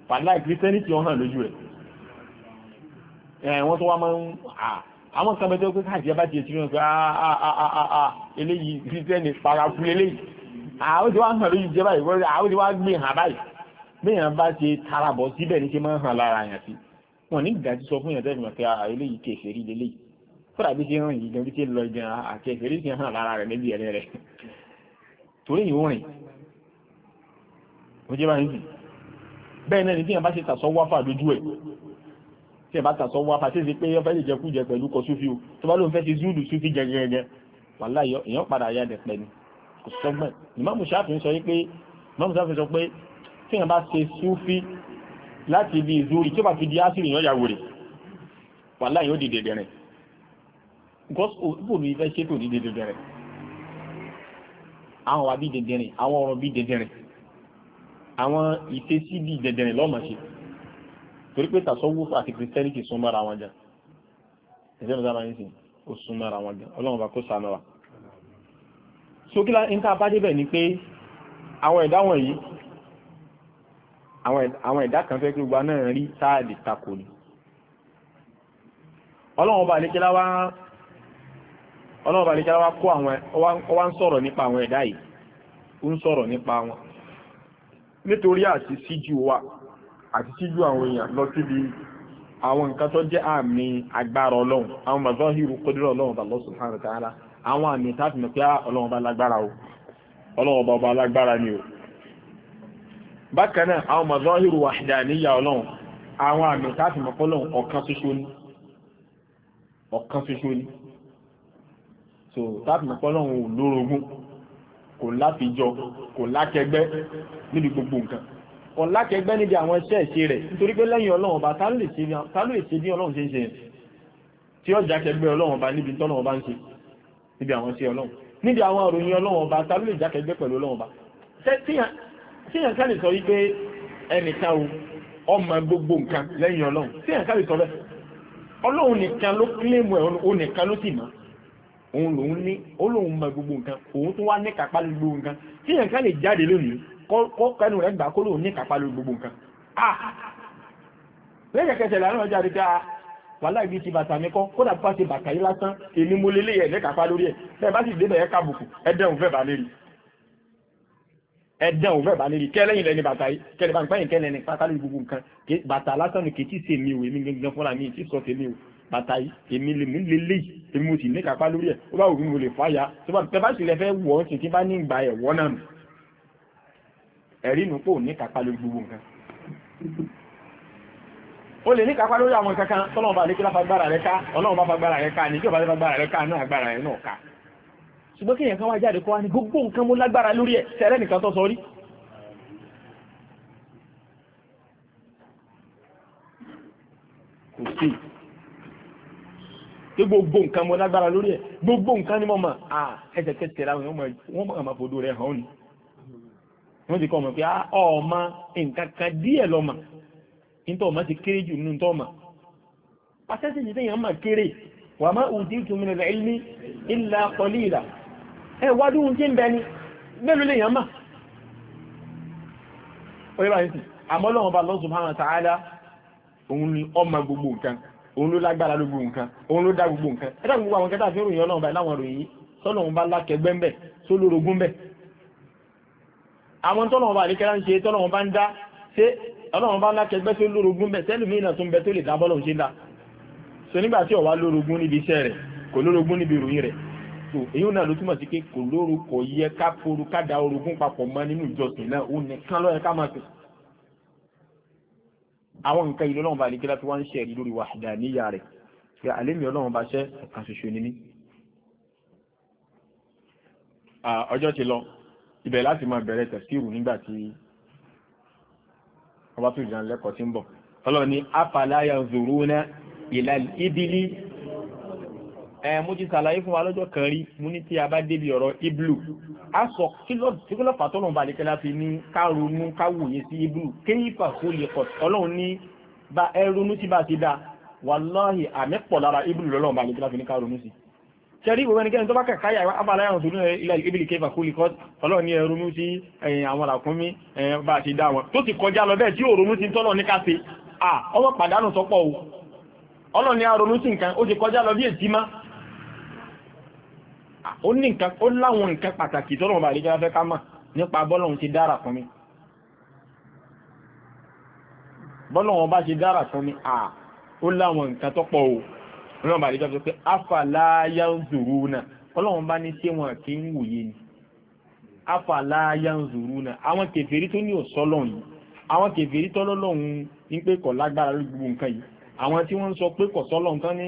pàdé kìrìsìtẹ́nìtì ọ̀hàn lójú rẹ̀ wọ́n tó wá máa ń àwọn kan bẹ tó pé káàkiri bá ti ẹ̀tìrì ọ̀pẹ́ eléyìí kìrìsìtẹ́nì parafu eléyìí àwọn tí wá hàn lójú jẹ́ báyìí wọ́n àwọn tí wá gbé hàn báyìí bẹ́yàn bá ṣe tarabọ̀ síbẹ̀ ní ṣe máa ń hàn lára àyàn sí wọn ní ìdájú sọ fún ìyàtọ̀ ìmọ̀ pé eléyìí kèfèrí lélẹ́yìí fúra bí ṣe hàn yìí gan bí ṣe lọ jẹun àkẹfẹ́rí ṣe hàn lára rẹ̀ níbi ẹ̀rẹ́ rẹ̀ torí ìwọ̀n rìn ó jẹ́ báyìí sí bẹ́ẹ̀ náà ni tí yẹn bá ṣe tàṣọ wáfà lójú ẹ̀ tí yẹn bá tàṣọ wáfà tí ó ṣe pé yẹn fẹ́ lè jẹ kújẹ pẹ̀lú kọ súfì o tó bá lóun fẹ́ ṣe zúùlù súfì jẹjẹrẹ wàhálà èèyàn padà ya dẹ̀ pẹ̀lú kò sọ́gbọ̀n ìmáàmù Ṣáfi'í sọ pé ìmáàmù Ṣáfi'í sọ pé tí yẹn bá ṣe súfì láti ibi ìzúrí tí ó bá fi di ásìrì yàn yàwó rẹ̀ wàhálà yóò dìde dẹ̀rẹ̀ gọ́sùpù ní ìfẹ́ ṣe kò dìde dẹ̀rẹ̀ àwọn wà bí dẹ̀rẹ̀ àwọn ọ̀rọ̀ bí dẹ̀rẹ̀ àwọn ìfesí bíi dẹ̀dẹ̀rìn lọ́mọ̀ ṣe torí pé tasawuf àti christianity sún mọ́ra wọn jà ẹ̀jẹ̀ mi sábà ń sìn ó sún mọ́ra wọn jà ọlọ́run bá kó sànú wa. sókílà ń tá a bá débẹ̀ ni pé àwọn ẹ̀dá wọ̀nyí àwọn ẹ̀dá kan fẹ́ kí gbogbo náà rí táàdì takò ni ọlọ́run bá lékelá wá ọlọ́run bá kó àwọn ọwá ń sọ̀rọ̀ nípa àwọn ẹ̀dá yìí ń sọ̀rọ̀ nípa wọn nítorí àti síjú wa àti síjú àwọn èèyàn lọ síbi àwọn nǹkan tó jẹ́ àmì agbára ọlọ́run àwọn mazahiru kọ́dúrà ọlọ́run Allah subhanahu wa ta'ala àwọn àmì táàtì mọ̀ pé ah, ọlọ́run bá lágbára o ọlọ́run bá ọba lágbára ni o bákan náà àwọn mazahiru wahdaniyya ọlọ́run àwọn àmì táàtì mọ̀ pọ́lọ́run ọ̀kan ṣoṣo ni ọ̀kan ṣoṣo ni kò láfijọ kò lákẹgbẹ́ níbi gbogbo nǹkan kò lákẹgbẹ́ níbi àwọn iṣẹ́ ìṣe rẹ̀ nítorí pé lẹ́yìn ọlọ́run ọba tá ló lè ṣe bí ọlọ́run ṣe ń ṣe yẹn tí ọjà kẹgbẹ́ ọlọ́run ọba níbi tọ́lọ́run ọba ń ṣe níbi àwọn iṣẹ́ ọlọ́run níbi àwọn òròyìn ọlọ́run ọba tá lè jákẹgbẹ́ pẹ̀lú ọlọ́run ọba tíyàn ká lè sọ wípé ẹnìkan o ọmọ gbogbo nǹkan lẹ́yìn ọlọ́run tíyàn ká lè sọ bẹ́ẹ̀ ọlọ́run nìkan ló òun lòun ní ó lòun mọ gbogbo nǹkan òun tún wá ní kápá lórí gbogbo nǹkan tí èèyàn kan lè jáde lónìí kọ́ kẹnu rẹ̀ gbà kó lòun ní kápá lórí gbogbo nǹkan. Ah! lẹ́yìn kẹsẹ̀ làwọn ọjà rí ká wàhálà ibi ti bàtà mi kọ́ kódà bá ti bàtà yìí lásán èmi mo lélẹ̀ ẹ̀ ní kápá lórí ẹ̀ bẹ́ẹ̀ bá sì dé bẹ̀ẹ́ kábùkù ẹ̀dẹ̀ òun fẹ́ bà lérí ẹ̀dẹ̀ òun fẹ́ bà lérí kẹ́ lẹ́yìn lẹ́ni bàtà yìí kẹ́lẹ́ bá ń pẹ́yìn kẹ́lẹ́ ní pátá lórí gbogbo nǹkan bàtà lásán ni kì í ti sèmi o èmi gangan fúnra mi ì bàtà èmi lè mú lélẹ̀ èmi mo sì ní kápá lórí ẹ̀ ó bá òfin mo lè fàyà tẹ bá sì lẹ fẹ́ wọ̀ ọ́ sì tí bá ní ìgbà ẹ̀ wọ́ náà nù ẹ̀rí nù pò ní kápá lórí gbogbo nǹkan o lè ní kápá lórí àwọn kankan tọ́lọ́wọ́n bá lè kí láfagbára rẹ ká ọlọ́wọ́n bá fagbára rẹ ká ní tí ò bá lè fagbára rẹ ká náà agbára rẹ náà ká ṣùgbọ́n kí èèyàn kan wá jáde kó wá ní gbogbo nǹkan mo lágbára lórí ẹ̀ tẹ́rẹ́ nìkan tó sọ rí kò sí pé gbogbo nǹkan mo lágbára lórí ẹ̀ gbogbo nǹkan ni mo mọ̀ à ẹsẹ̀kẹsẹ̀ ra wọn wọ́n mọ̀ fòdó rẹ̀ hàn ni wọ́n ti kọ́ mọ̀ pé ọmọ nǹkan kan díẹ̀ lọ́mọ nítorí ọmọ ti kéré jù nínú tọ́ mọ̀ pàṣẹ sì ti sẹ́yìn ọmọ kéré wà má òdì tún mi rẹ̀ ilmi ìlà pọ̀lì ìlà ẹ wádùn ohun tí ń bẹ ni mélòó lèèyàn mà ó yẹ báyìí sí àmọ́ lọ́wọ́ bá Allah subhanahu wa ta'ala òun ni ọmọ gbogbo nǹkan òun ló lágbára lógbò nǹkan òun ló dá gbogbo nǹkan ẹ̀dá gbogbo àwọn kẹta fi ròyìn ọlọ́run báyìí láwọn ròyìn sọ́nà òun bá lákẹgbẹ́ ń bẹ̀ sólórogún bẹ̀ àwọn tọ́nà ọba àríkẹ́lá ń ṣe tọ́nà ọba ń dá ṣé ọlọ́run bá lákẹgbẹ́ sólórogún bẹ̀ sẹ́lù mí tó ń bẹ tó lè dábọ́ lọ́hùn ṣe dá so nígbà tí ọ̀wá lórogún níbi iṣẹ́ rẹ̀ kò lórogún níbi ìròyìn rẹ̀ so èyí náà ló túmọ̀ sí pé kò lóru yẹ ká foru da orogún papọ̀ mọ́ nínú ìjọsìn náà ó nìkan ló ká máa sùn àwọn nǹkan ìlú ọlọ́run bá lè kí láti wá ń ṣe ẹ̀rí lórí wàhádàníyà rẹ̀ pé àlémi ọlọ́run bá ṣẹ́ ọ̀kan ṣoṣo ní ní ọjọ́ ti lọ ibẹ̀ láti máa bẹ̀rẹ̀ tẹ̀síìrù nígbà tí ọba tó jẹun lẹ́kọ̀ọ́ ti ń bọ̀ ọlọ́run ní afalaya zorona ilal ẹ mo ti ṣàlàyé fún wa lọ́jọ́ kan rí mo ní tí a bá débi ọ̀rọ̀ iblu a sọ kí ló fà tọ́lọ̀ balẹ̀ kẹ́lá fi ní ká ronú ká wòye sí iblu kéyìn pàṣẹ lè kọ̀ ọlọ́run ní bá ẹ ronú sí bá ti dá wàláhì àmì pọ̀ lára iblu lọ́lọ́run balẹ̀ kẹ́lá fi ní ká ronú sí. sẹ́rí ìwé ẹni kẹ́ni tó bá kà káyà abala ẹ̀rùn tó ní ilẹ̀ ibili kẹfà kúlì kọ́ ọlọ́run ní ẹ ronú sí àwọn àkúnmí bá ti dá wọn tó ti kọjá lọ bẹ́ẹ̀ tí ò ronú sí tọ́lọ̀ ní ká ṣe ọmọ pàdánù sọ́pọ̀ o ọlọ́run ní a ronú sí nǹkan ó ti kọjá lọ bí èjì má ó ní nǹkan ó láwọn nǹkan pàtàkì tó lọ́wọ́ bàrí jẹ́ ká mọ̀ nípa bọ́lọ̀hun ti dára fún mi bọ́lọ̀hun bá ṣe dára fún mi à ó láwọn nǹkan tó pọ̀ o lọ́wọ́ bàrí jẹ́ pé afàláyà ń zòrú náà ni afàláyà ń zòrú náà àwọn kèfèrí tó ní òsọ́lọ̀ yìí àwọn kèfèrí tọ́lọ́lọ́hun ní pé kò lágbára lórí gbogbo nǹkan yìí àwọn tí wọ́n ń sọ pé kò sọ́lọ̀ nǹkan ní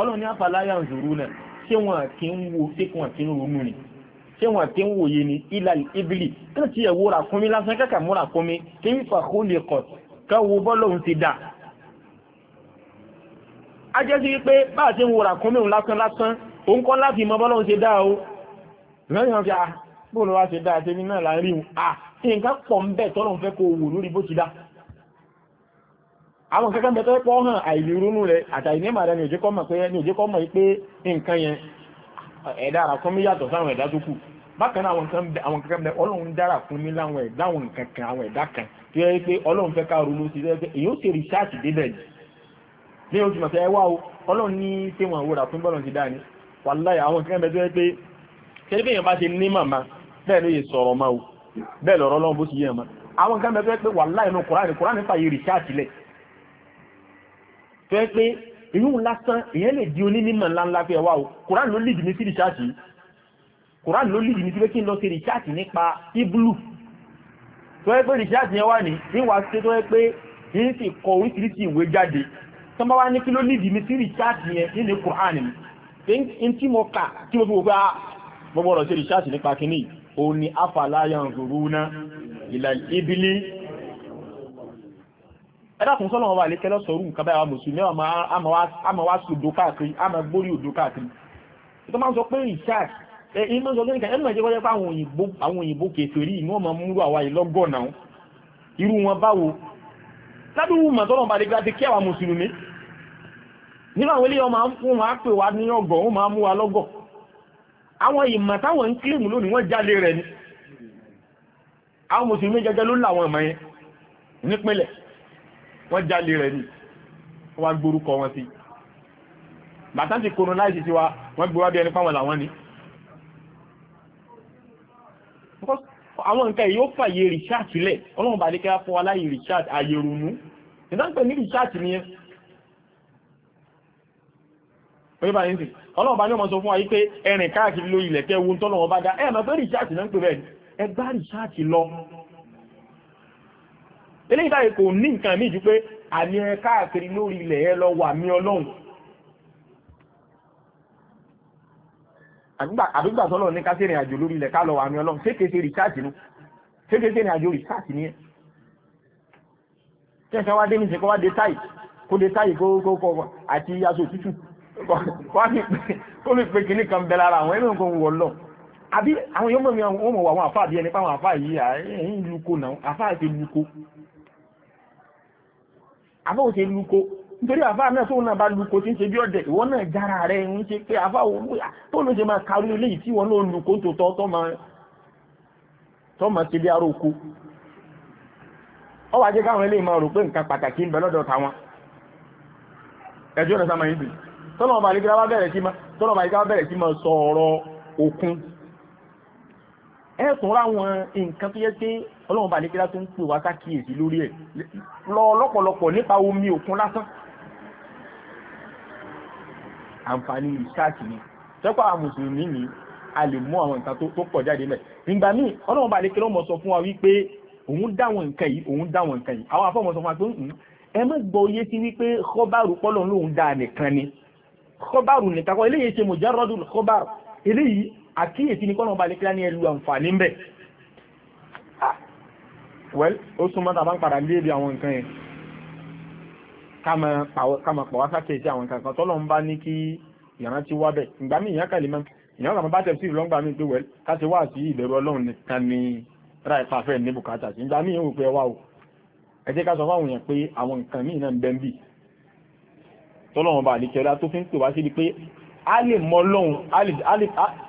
ọlọ́run ní afàláyà ń zòrú náà ṣé wọn kì ń wo ṣé wọn kì ń ronú ni ṣé wọn kì ń wòye ni ilà ibili kí ló ti yẹ wo ràkúnmí lásán kàkà mú ràkúnmí kí ń fà kó lè kọ̀ ká wo bọ́lọ́hún ti dà a jẹ́ sí wípé bá a ti ń wo ràkúnmí òun lásán lásán òun kọ́ láti mọ bọ́lọ́hún ti dà o lẹ́yìn ọ̀gá bóòlù wa ti dà àti ẹni náà là ń rí wọn à ah, nǹkan pọ̀ ń bẹ̀ tọ́lọ́ fẹ́ kó wò lórí bó ti dà àwọn kankan bẹ̀tọ́ pọ́ hàn àìlérúnú rẹ̀ àtàìní màrẹ ní òjékọ́ mọ̀ pé ní òjékọ́ mọ̀ pé nǹkan yẹn ẹ̀dá ara kan yàtọ̀ sáwọn ẹ̀dá tó kù bákan náà àwọn kankan bẹ̀ ọlọ́run dára fún mi láwọn ẹ̀dá àwọn nǹkan kan àwọn ẹ̀dá kan tó yẹ pé ọlọ́run fẹ́ ká ronú sí pé èyí ni ní oṣù mọ̀ fẹ́ wá o ọlọ́run ní pé wọn wúra fún bọ́lọ̀ ti dá ni wàláyà àwọn kankan bẹ̀ tó yẹ pé kẹ́lẹ́ bẹ́yẹn bá ṣe ní màmá bẹ́ẹ̀ ló yẹ sọ̀rọ̀ ma o bẹ́ẹ̀ lọ̀rọ̀ ọlọ́run bó ṣe tó yẹ pé irú lásán èyàn lè di onímọ̀ ńláńlá fẹ́ wá o koran ló lìdì ní sí rìsáàtì koran ló lìdì ní sí pé kí n lọ sí rìsáàtì nípa iblu tó yẹ pé rìsáàtì yẹn wà ní níwà sí tó yẹ pé yìí sì kọ oríṣiríṣi ìwé jáde tó bá wá ní kí ló lìdì ní sí rìsáàtì yẹn nílé koran mi pé n tí mo kà tí mo fi wò pé a ah, mo ẹ̀dàkùn sọ́lọ̀ wọn wà lè kẹ́lọ́ sọ̀rọ̀ nǹkan báyàwó mùsùlùmí àmọ́ wá sódò káàkiri àmọ́ gbórí òdò káàkiri tó máa ń sọ pé richard ẹ̀yìn máa ń sọ lórí kan ẹ̀mọ̀ ẹ̀jẹ̀ wọ́n jẹ́ pé àwọn òyìnbó kẹfẹ́rí inú ọmọ múlò àwa ìlọ́gọ́nà irú wọn báwo ládùúgbò mà tọ́lọ̀ bá lè gba ti kí àwa mùsùlùmí nínú àwọn eléyìí wọn máa ń fún wa pè wá ní ọgọ̀ wọn máa mú wa lọ́gọ̀ àwọn ìmọ̀ táwọn ń kílìmù lónìí wọ́n jáde rẹ̀ ni àwọn mùsùlùmí jẹjẹ ló ń là àwọn ìmọ̀ yẹn nípínlẹ̀ wọ́n jálè rẹ̀ ní wọ́n gbórúkọ wọn sí bàtà ti colonize sí wa wọ́n gbé wá bí ẹni pàwọn làwọn ni àwọn nǹkan yìí ó fàyè richard lẹ̀ ọlọ́run bá dékẹ́ fún aláyè richard ayèrùnú ìdánpẹ̀ ní richard ni ẹ́ orí bá ní sí ọlọ́run bá ní ọmọ sọ fún wa yí pé ẹrìn káàkiri lórí ilẹ̀kẹ́ wo tọ́lọ́run bá dá ẹ̀mọ́ pé richard náà ń pè bẹ́ẹ̀ ẹgbá richard lọ eléyìí táyé kò ní nǹkan míì ju pé àmì ẹ káàkiri lórí ilẹ̀ ẹ lọ wà mí ọlọ́run àbígbà tọ́lọ̀ ní ká sẹ́rìn àjò lórí ilẹ̀ ká lọ wà mí ọlọ́run sékèsè rìsáàtì nu sékèsè ní àjò rìsáàtì ni ẹ kẹ́kẹ́ wá dé ní ìsìnkọ́ wá dé táì kó dé táì kó kó kó àti aṣọ òtútù kó lè pe kìíní kan bẹ lára àwọn ẹni nǹkan wọ̀ lọ àbí àwọn yóò mọ̀ mi wọ́n mọ̀ wà àwọn àfáà bí ẹni pé àwọn àfáà yìí ẹ̀yìn luko náà àfáà ti luko àfáwò ṣe lúko nítorí àfáà náà tó náà bá lúko tí ń ṣe bí ọ̀dẹ̀ ìwọ náà jára rẹ̀ ń ṣe pé àfáwò tó ló ṣe máa karú ilé yìí tí náà lúko tó tọ́ tọ́ máa ṣe ọ wá jẹ́ káwọn eléyìí máa rò pé nǹkan pàtàkì ń bẹ lọ́dọ̀ táwọn ẹjọ́ bẹ̀rẹ̀ ẹ tún ráwọn nǹkan tó yẹ pé ọlọ́run bá lékelá tó ń pè wá sákìyèsí lórí ẹ̀ lọ lọ́pọ̀lọpọ̀ nípa omi òkun lásán àǹfààní ìṣáàkì ni tẹ́kọ̀ àwọn mùsùlùmí ni a lè mú àwọn nǹkan tó pọ̀ jáde mẹ́ nígbà míì ọlọ́run bá lékelá mọ̀ sọ fún wa wípé òun dáwọn nǹkan yìí òun dáwọn nǹkan yìí àwọn afọ́mọ̀ sọ fún wa pé ẹ mọ́ gbọ́ iye sí wípé kọ́bárù pọ́lọ́ lóun dáa nìkan ni kọ́bárù nìkan kọ́ eléyìí ṣe mọ̀járọ́dún kọ́bárù eléyìí àkíyèsí ní kọ́nà balẹ̀ kílá ní ẹlú àǹfààní ń bẹ̀ well ó súnmọ́ tàbá ń padà léèdè àwọn nǹkan yẹn kama pàwọ́ sáké sí àwọn nǹkan tọ́lọ̀ ń bá ní kí ìrántí wá bẹ̀ ìgbà mí ìyá kàlímọ́ ìyá kàmọ́ bá tẹ̀ sí ìlọ́ngbà mí pé well káṣe wá sí ìbẹ̀rù ọlọ́run nìkan ni ráì pàfẹ́ ní bùkátà sí ìgbà mí ìwò pé wá o ẹ jẹ́ ká sọ fáwọn èèyàn pé àwọn nǹkan míì náà ń bẹ́ ń bì tọ́lọ́run bá àlìkẹ́lá tó fi ń pè wá sí pé a lè mọ ọlọ́run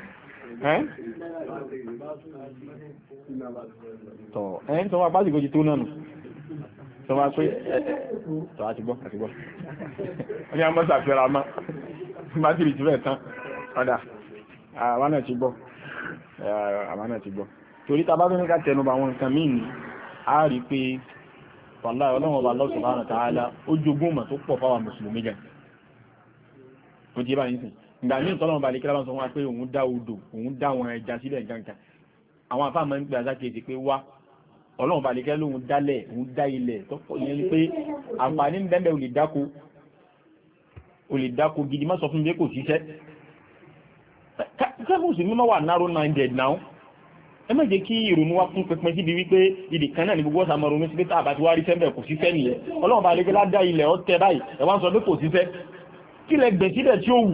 ẹ́n tọ̀ ẹ́n tọ́wọ́ apásìkò ti tó nánu pé tọ́ àti gbọ́ àti gbọ́ ní mọ́ bátìrì ti fẹ́ tán ọ̀dà náà ti gbọ́ náà ti gbọ́ torí ta bá fẹ́ ká a rí pé tó pọ̀ fáwọn mùsùlùmí gan jẹ́ ìgbà míì tọ́lọ́mọba àlekí lábá sọ wọn pé òun dá odò òun dá wọn ẹja sílẹ̀ gangan àwọn afá máa ń gbé azákejì pé wá ọlọ́mọba àlekí lóun dálẹ̀ òun dá ilẹ̀ tọ́pọ̀ ìyẹn ni pé àǹfààní ń bẹ́ẹ̀ olè dáko gidi má sọ fún mi pé kò ṣiṣẹ́ kẹ́kọ̀ọ́ sì mímọ́ wà náró náà ń ẹ má jẹ́ kí ìrònú wa kún pẹpẹ síbi wípé ìdì kan náà ní gbogbo ọ̀sán mọ̀rún sí pé tá àbá ti wá rí sẹ́ńbẹ̀ kò sí fẹ́ nìyẹn ọlọ́run bá lè gbé ládá ilẹ̀ ọ̀tẹ̀ báyìí ẹ̀ wá ń sọ pé kò sí fẹ́ kí lẹ gbẹ̀ sílẹ̀ tí ó wù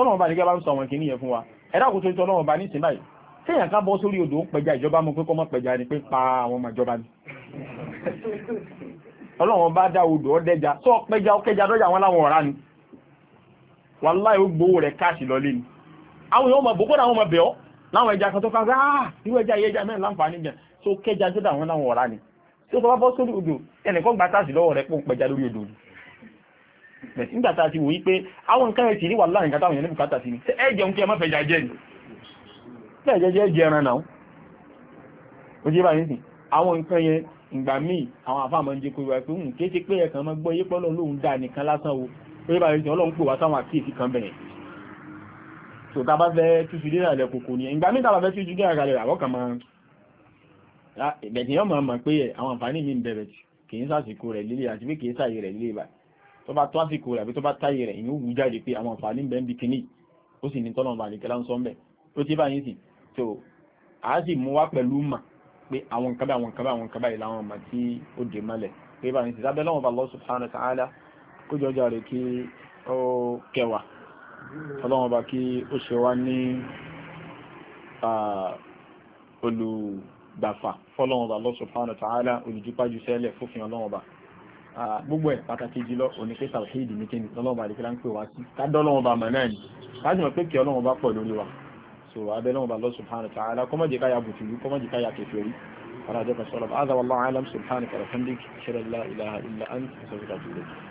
tọ́lọ́wọ́n bá nígbà bá ń sọ àwọn ìkíní yẹn fún wa ẹ̀dá kò tó tọ́lọ́wọ́n bá ní ìsìn báyìí tí èèyàn ká bọ́ sórí odò ń pẹja ìjọba mú pé kọ́ mọ́ pẹja ni pé pa àwọn ọmọ ìjọba ni ọlọ́wọ́n bá dá odò ọdẹja tó pẹja ọkẹja dọ́jà wọn láwọn ọ̀rá ni wàláì ó gbowó rẹ̀ káàṣì lọlé ni àwọn èèyàn ọmọ bòkó làwọn ọmọ bẹ̀ọ́ láwọn ẹja kan tó kan gáà ah, irú ẹja yẹ ẹja mẹ́rin láǹfààní jẹ tó kẹja dọ́jà wọn láwọn ọ̀rá ni tí ó tọ́ bá bọ́ sórí odò ẹnìkan gbà táàṣì lọ́wọ́ rẹ̀ pọ̀ pẹja lórí odò ni nígbà tá a ti wò yí pé àwọn nǹkan ẹ̀ sì rí wà láàrin kátà òyìn ní bùkátà sí ni ṣé ẹ jẹun kí ẹ má fẹjà jẹ ni bẹ́ẹ̀ jẹjẹ jẹ ẹran náà ó jẹ́ báyìí sìn àwọn nǹkan yẹn ìgbà míì àwọn àfáàmọ́ ń jẹ kó ìwà pé ń kéé ṣe pé ẹ̀kan mọ́ gbọ́ yípo ọlọ́run lòun dá nìkan lásán o ó yẹ báyìí sìn ọlọ́run pè wá sáwọn àkíyèsí kan bẹ̀yẹn tó tá a bá fẹ́ túṣu dé ìrànlẹ̀ kòkò ni ìgbà míì tá rẹ̀ líle àti pé kì sàyè rẹ̀ líle báyìí tó bá tó àsìkò rẹ̀ àbí tó bá táyé rẹ̀ ìyún wù jáde pé àwọn àǹfààní bẹ́ẹ̀ ń bi kínní ó sì ní tọ́lọ̀ màlìkẹ́ láńsọ́ ń bẹ̀ tó ti báyìí sì tó a sì mú wá pẹ̀lú mà pé àwọn nǹkan àwọn nǹkan àwọn nǹkan báyìí ọmọ tí ó dé mọ́lẹ̀ pé báyìí sì sábẹ́ lọ́wọ́ Allah subhanahu wa ta'ala kó jọjọ rẹ̀ kí ó kẹwà ọlọ́wọ́n bá kí ó ṣe wá ní olùgbàfà fọ́lọ́wọ́n Allah subhanahu wa ta'ala olùjúpájú sẹ́lẹ̀ fófin ọlọ́wọ́n bá gbogbo ẹ̀ pàtàkì jùlọ òní pé tàwíìdì ní kíni lọ́lọ́ọ̀bà àdìkí láń pè wá sí kádọ́lọ́wọ́n bá mọ̀ náà ni káàdì mọ̀ pé kí ọlọ́wọ́n bá pọ̀ lórí wa so abẹ́lọ́wọ́n bá lọ subhanahu wa ta'ala kọ́mọ̀jì káyà bùtùlù kọ́mọ̀jì káyà kẹfẹ́rí ọ̀rọ̀ àjọkọ̀ sọ̀rọ̀ àdàwọ̀ allah alam subhanahu wa ta'ala ashhadu an la ilaha illa anta astaghfiruka wa atubu ilayk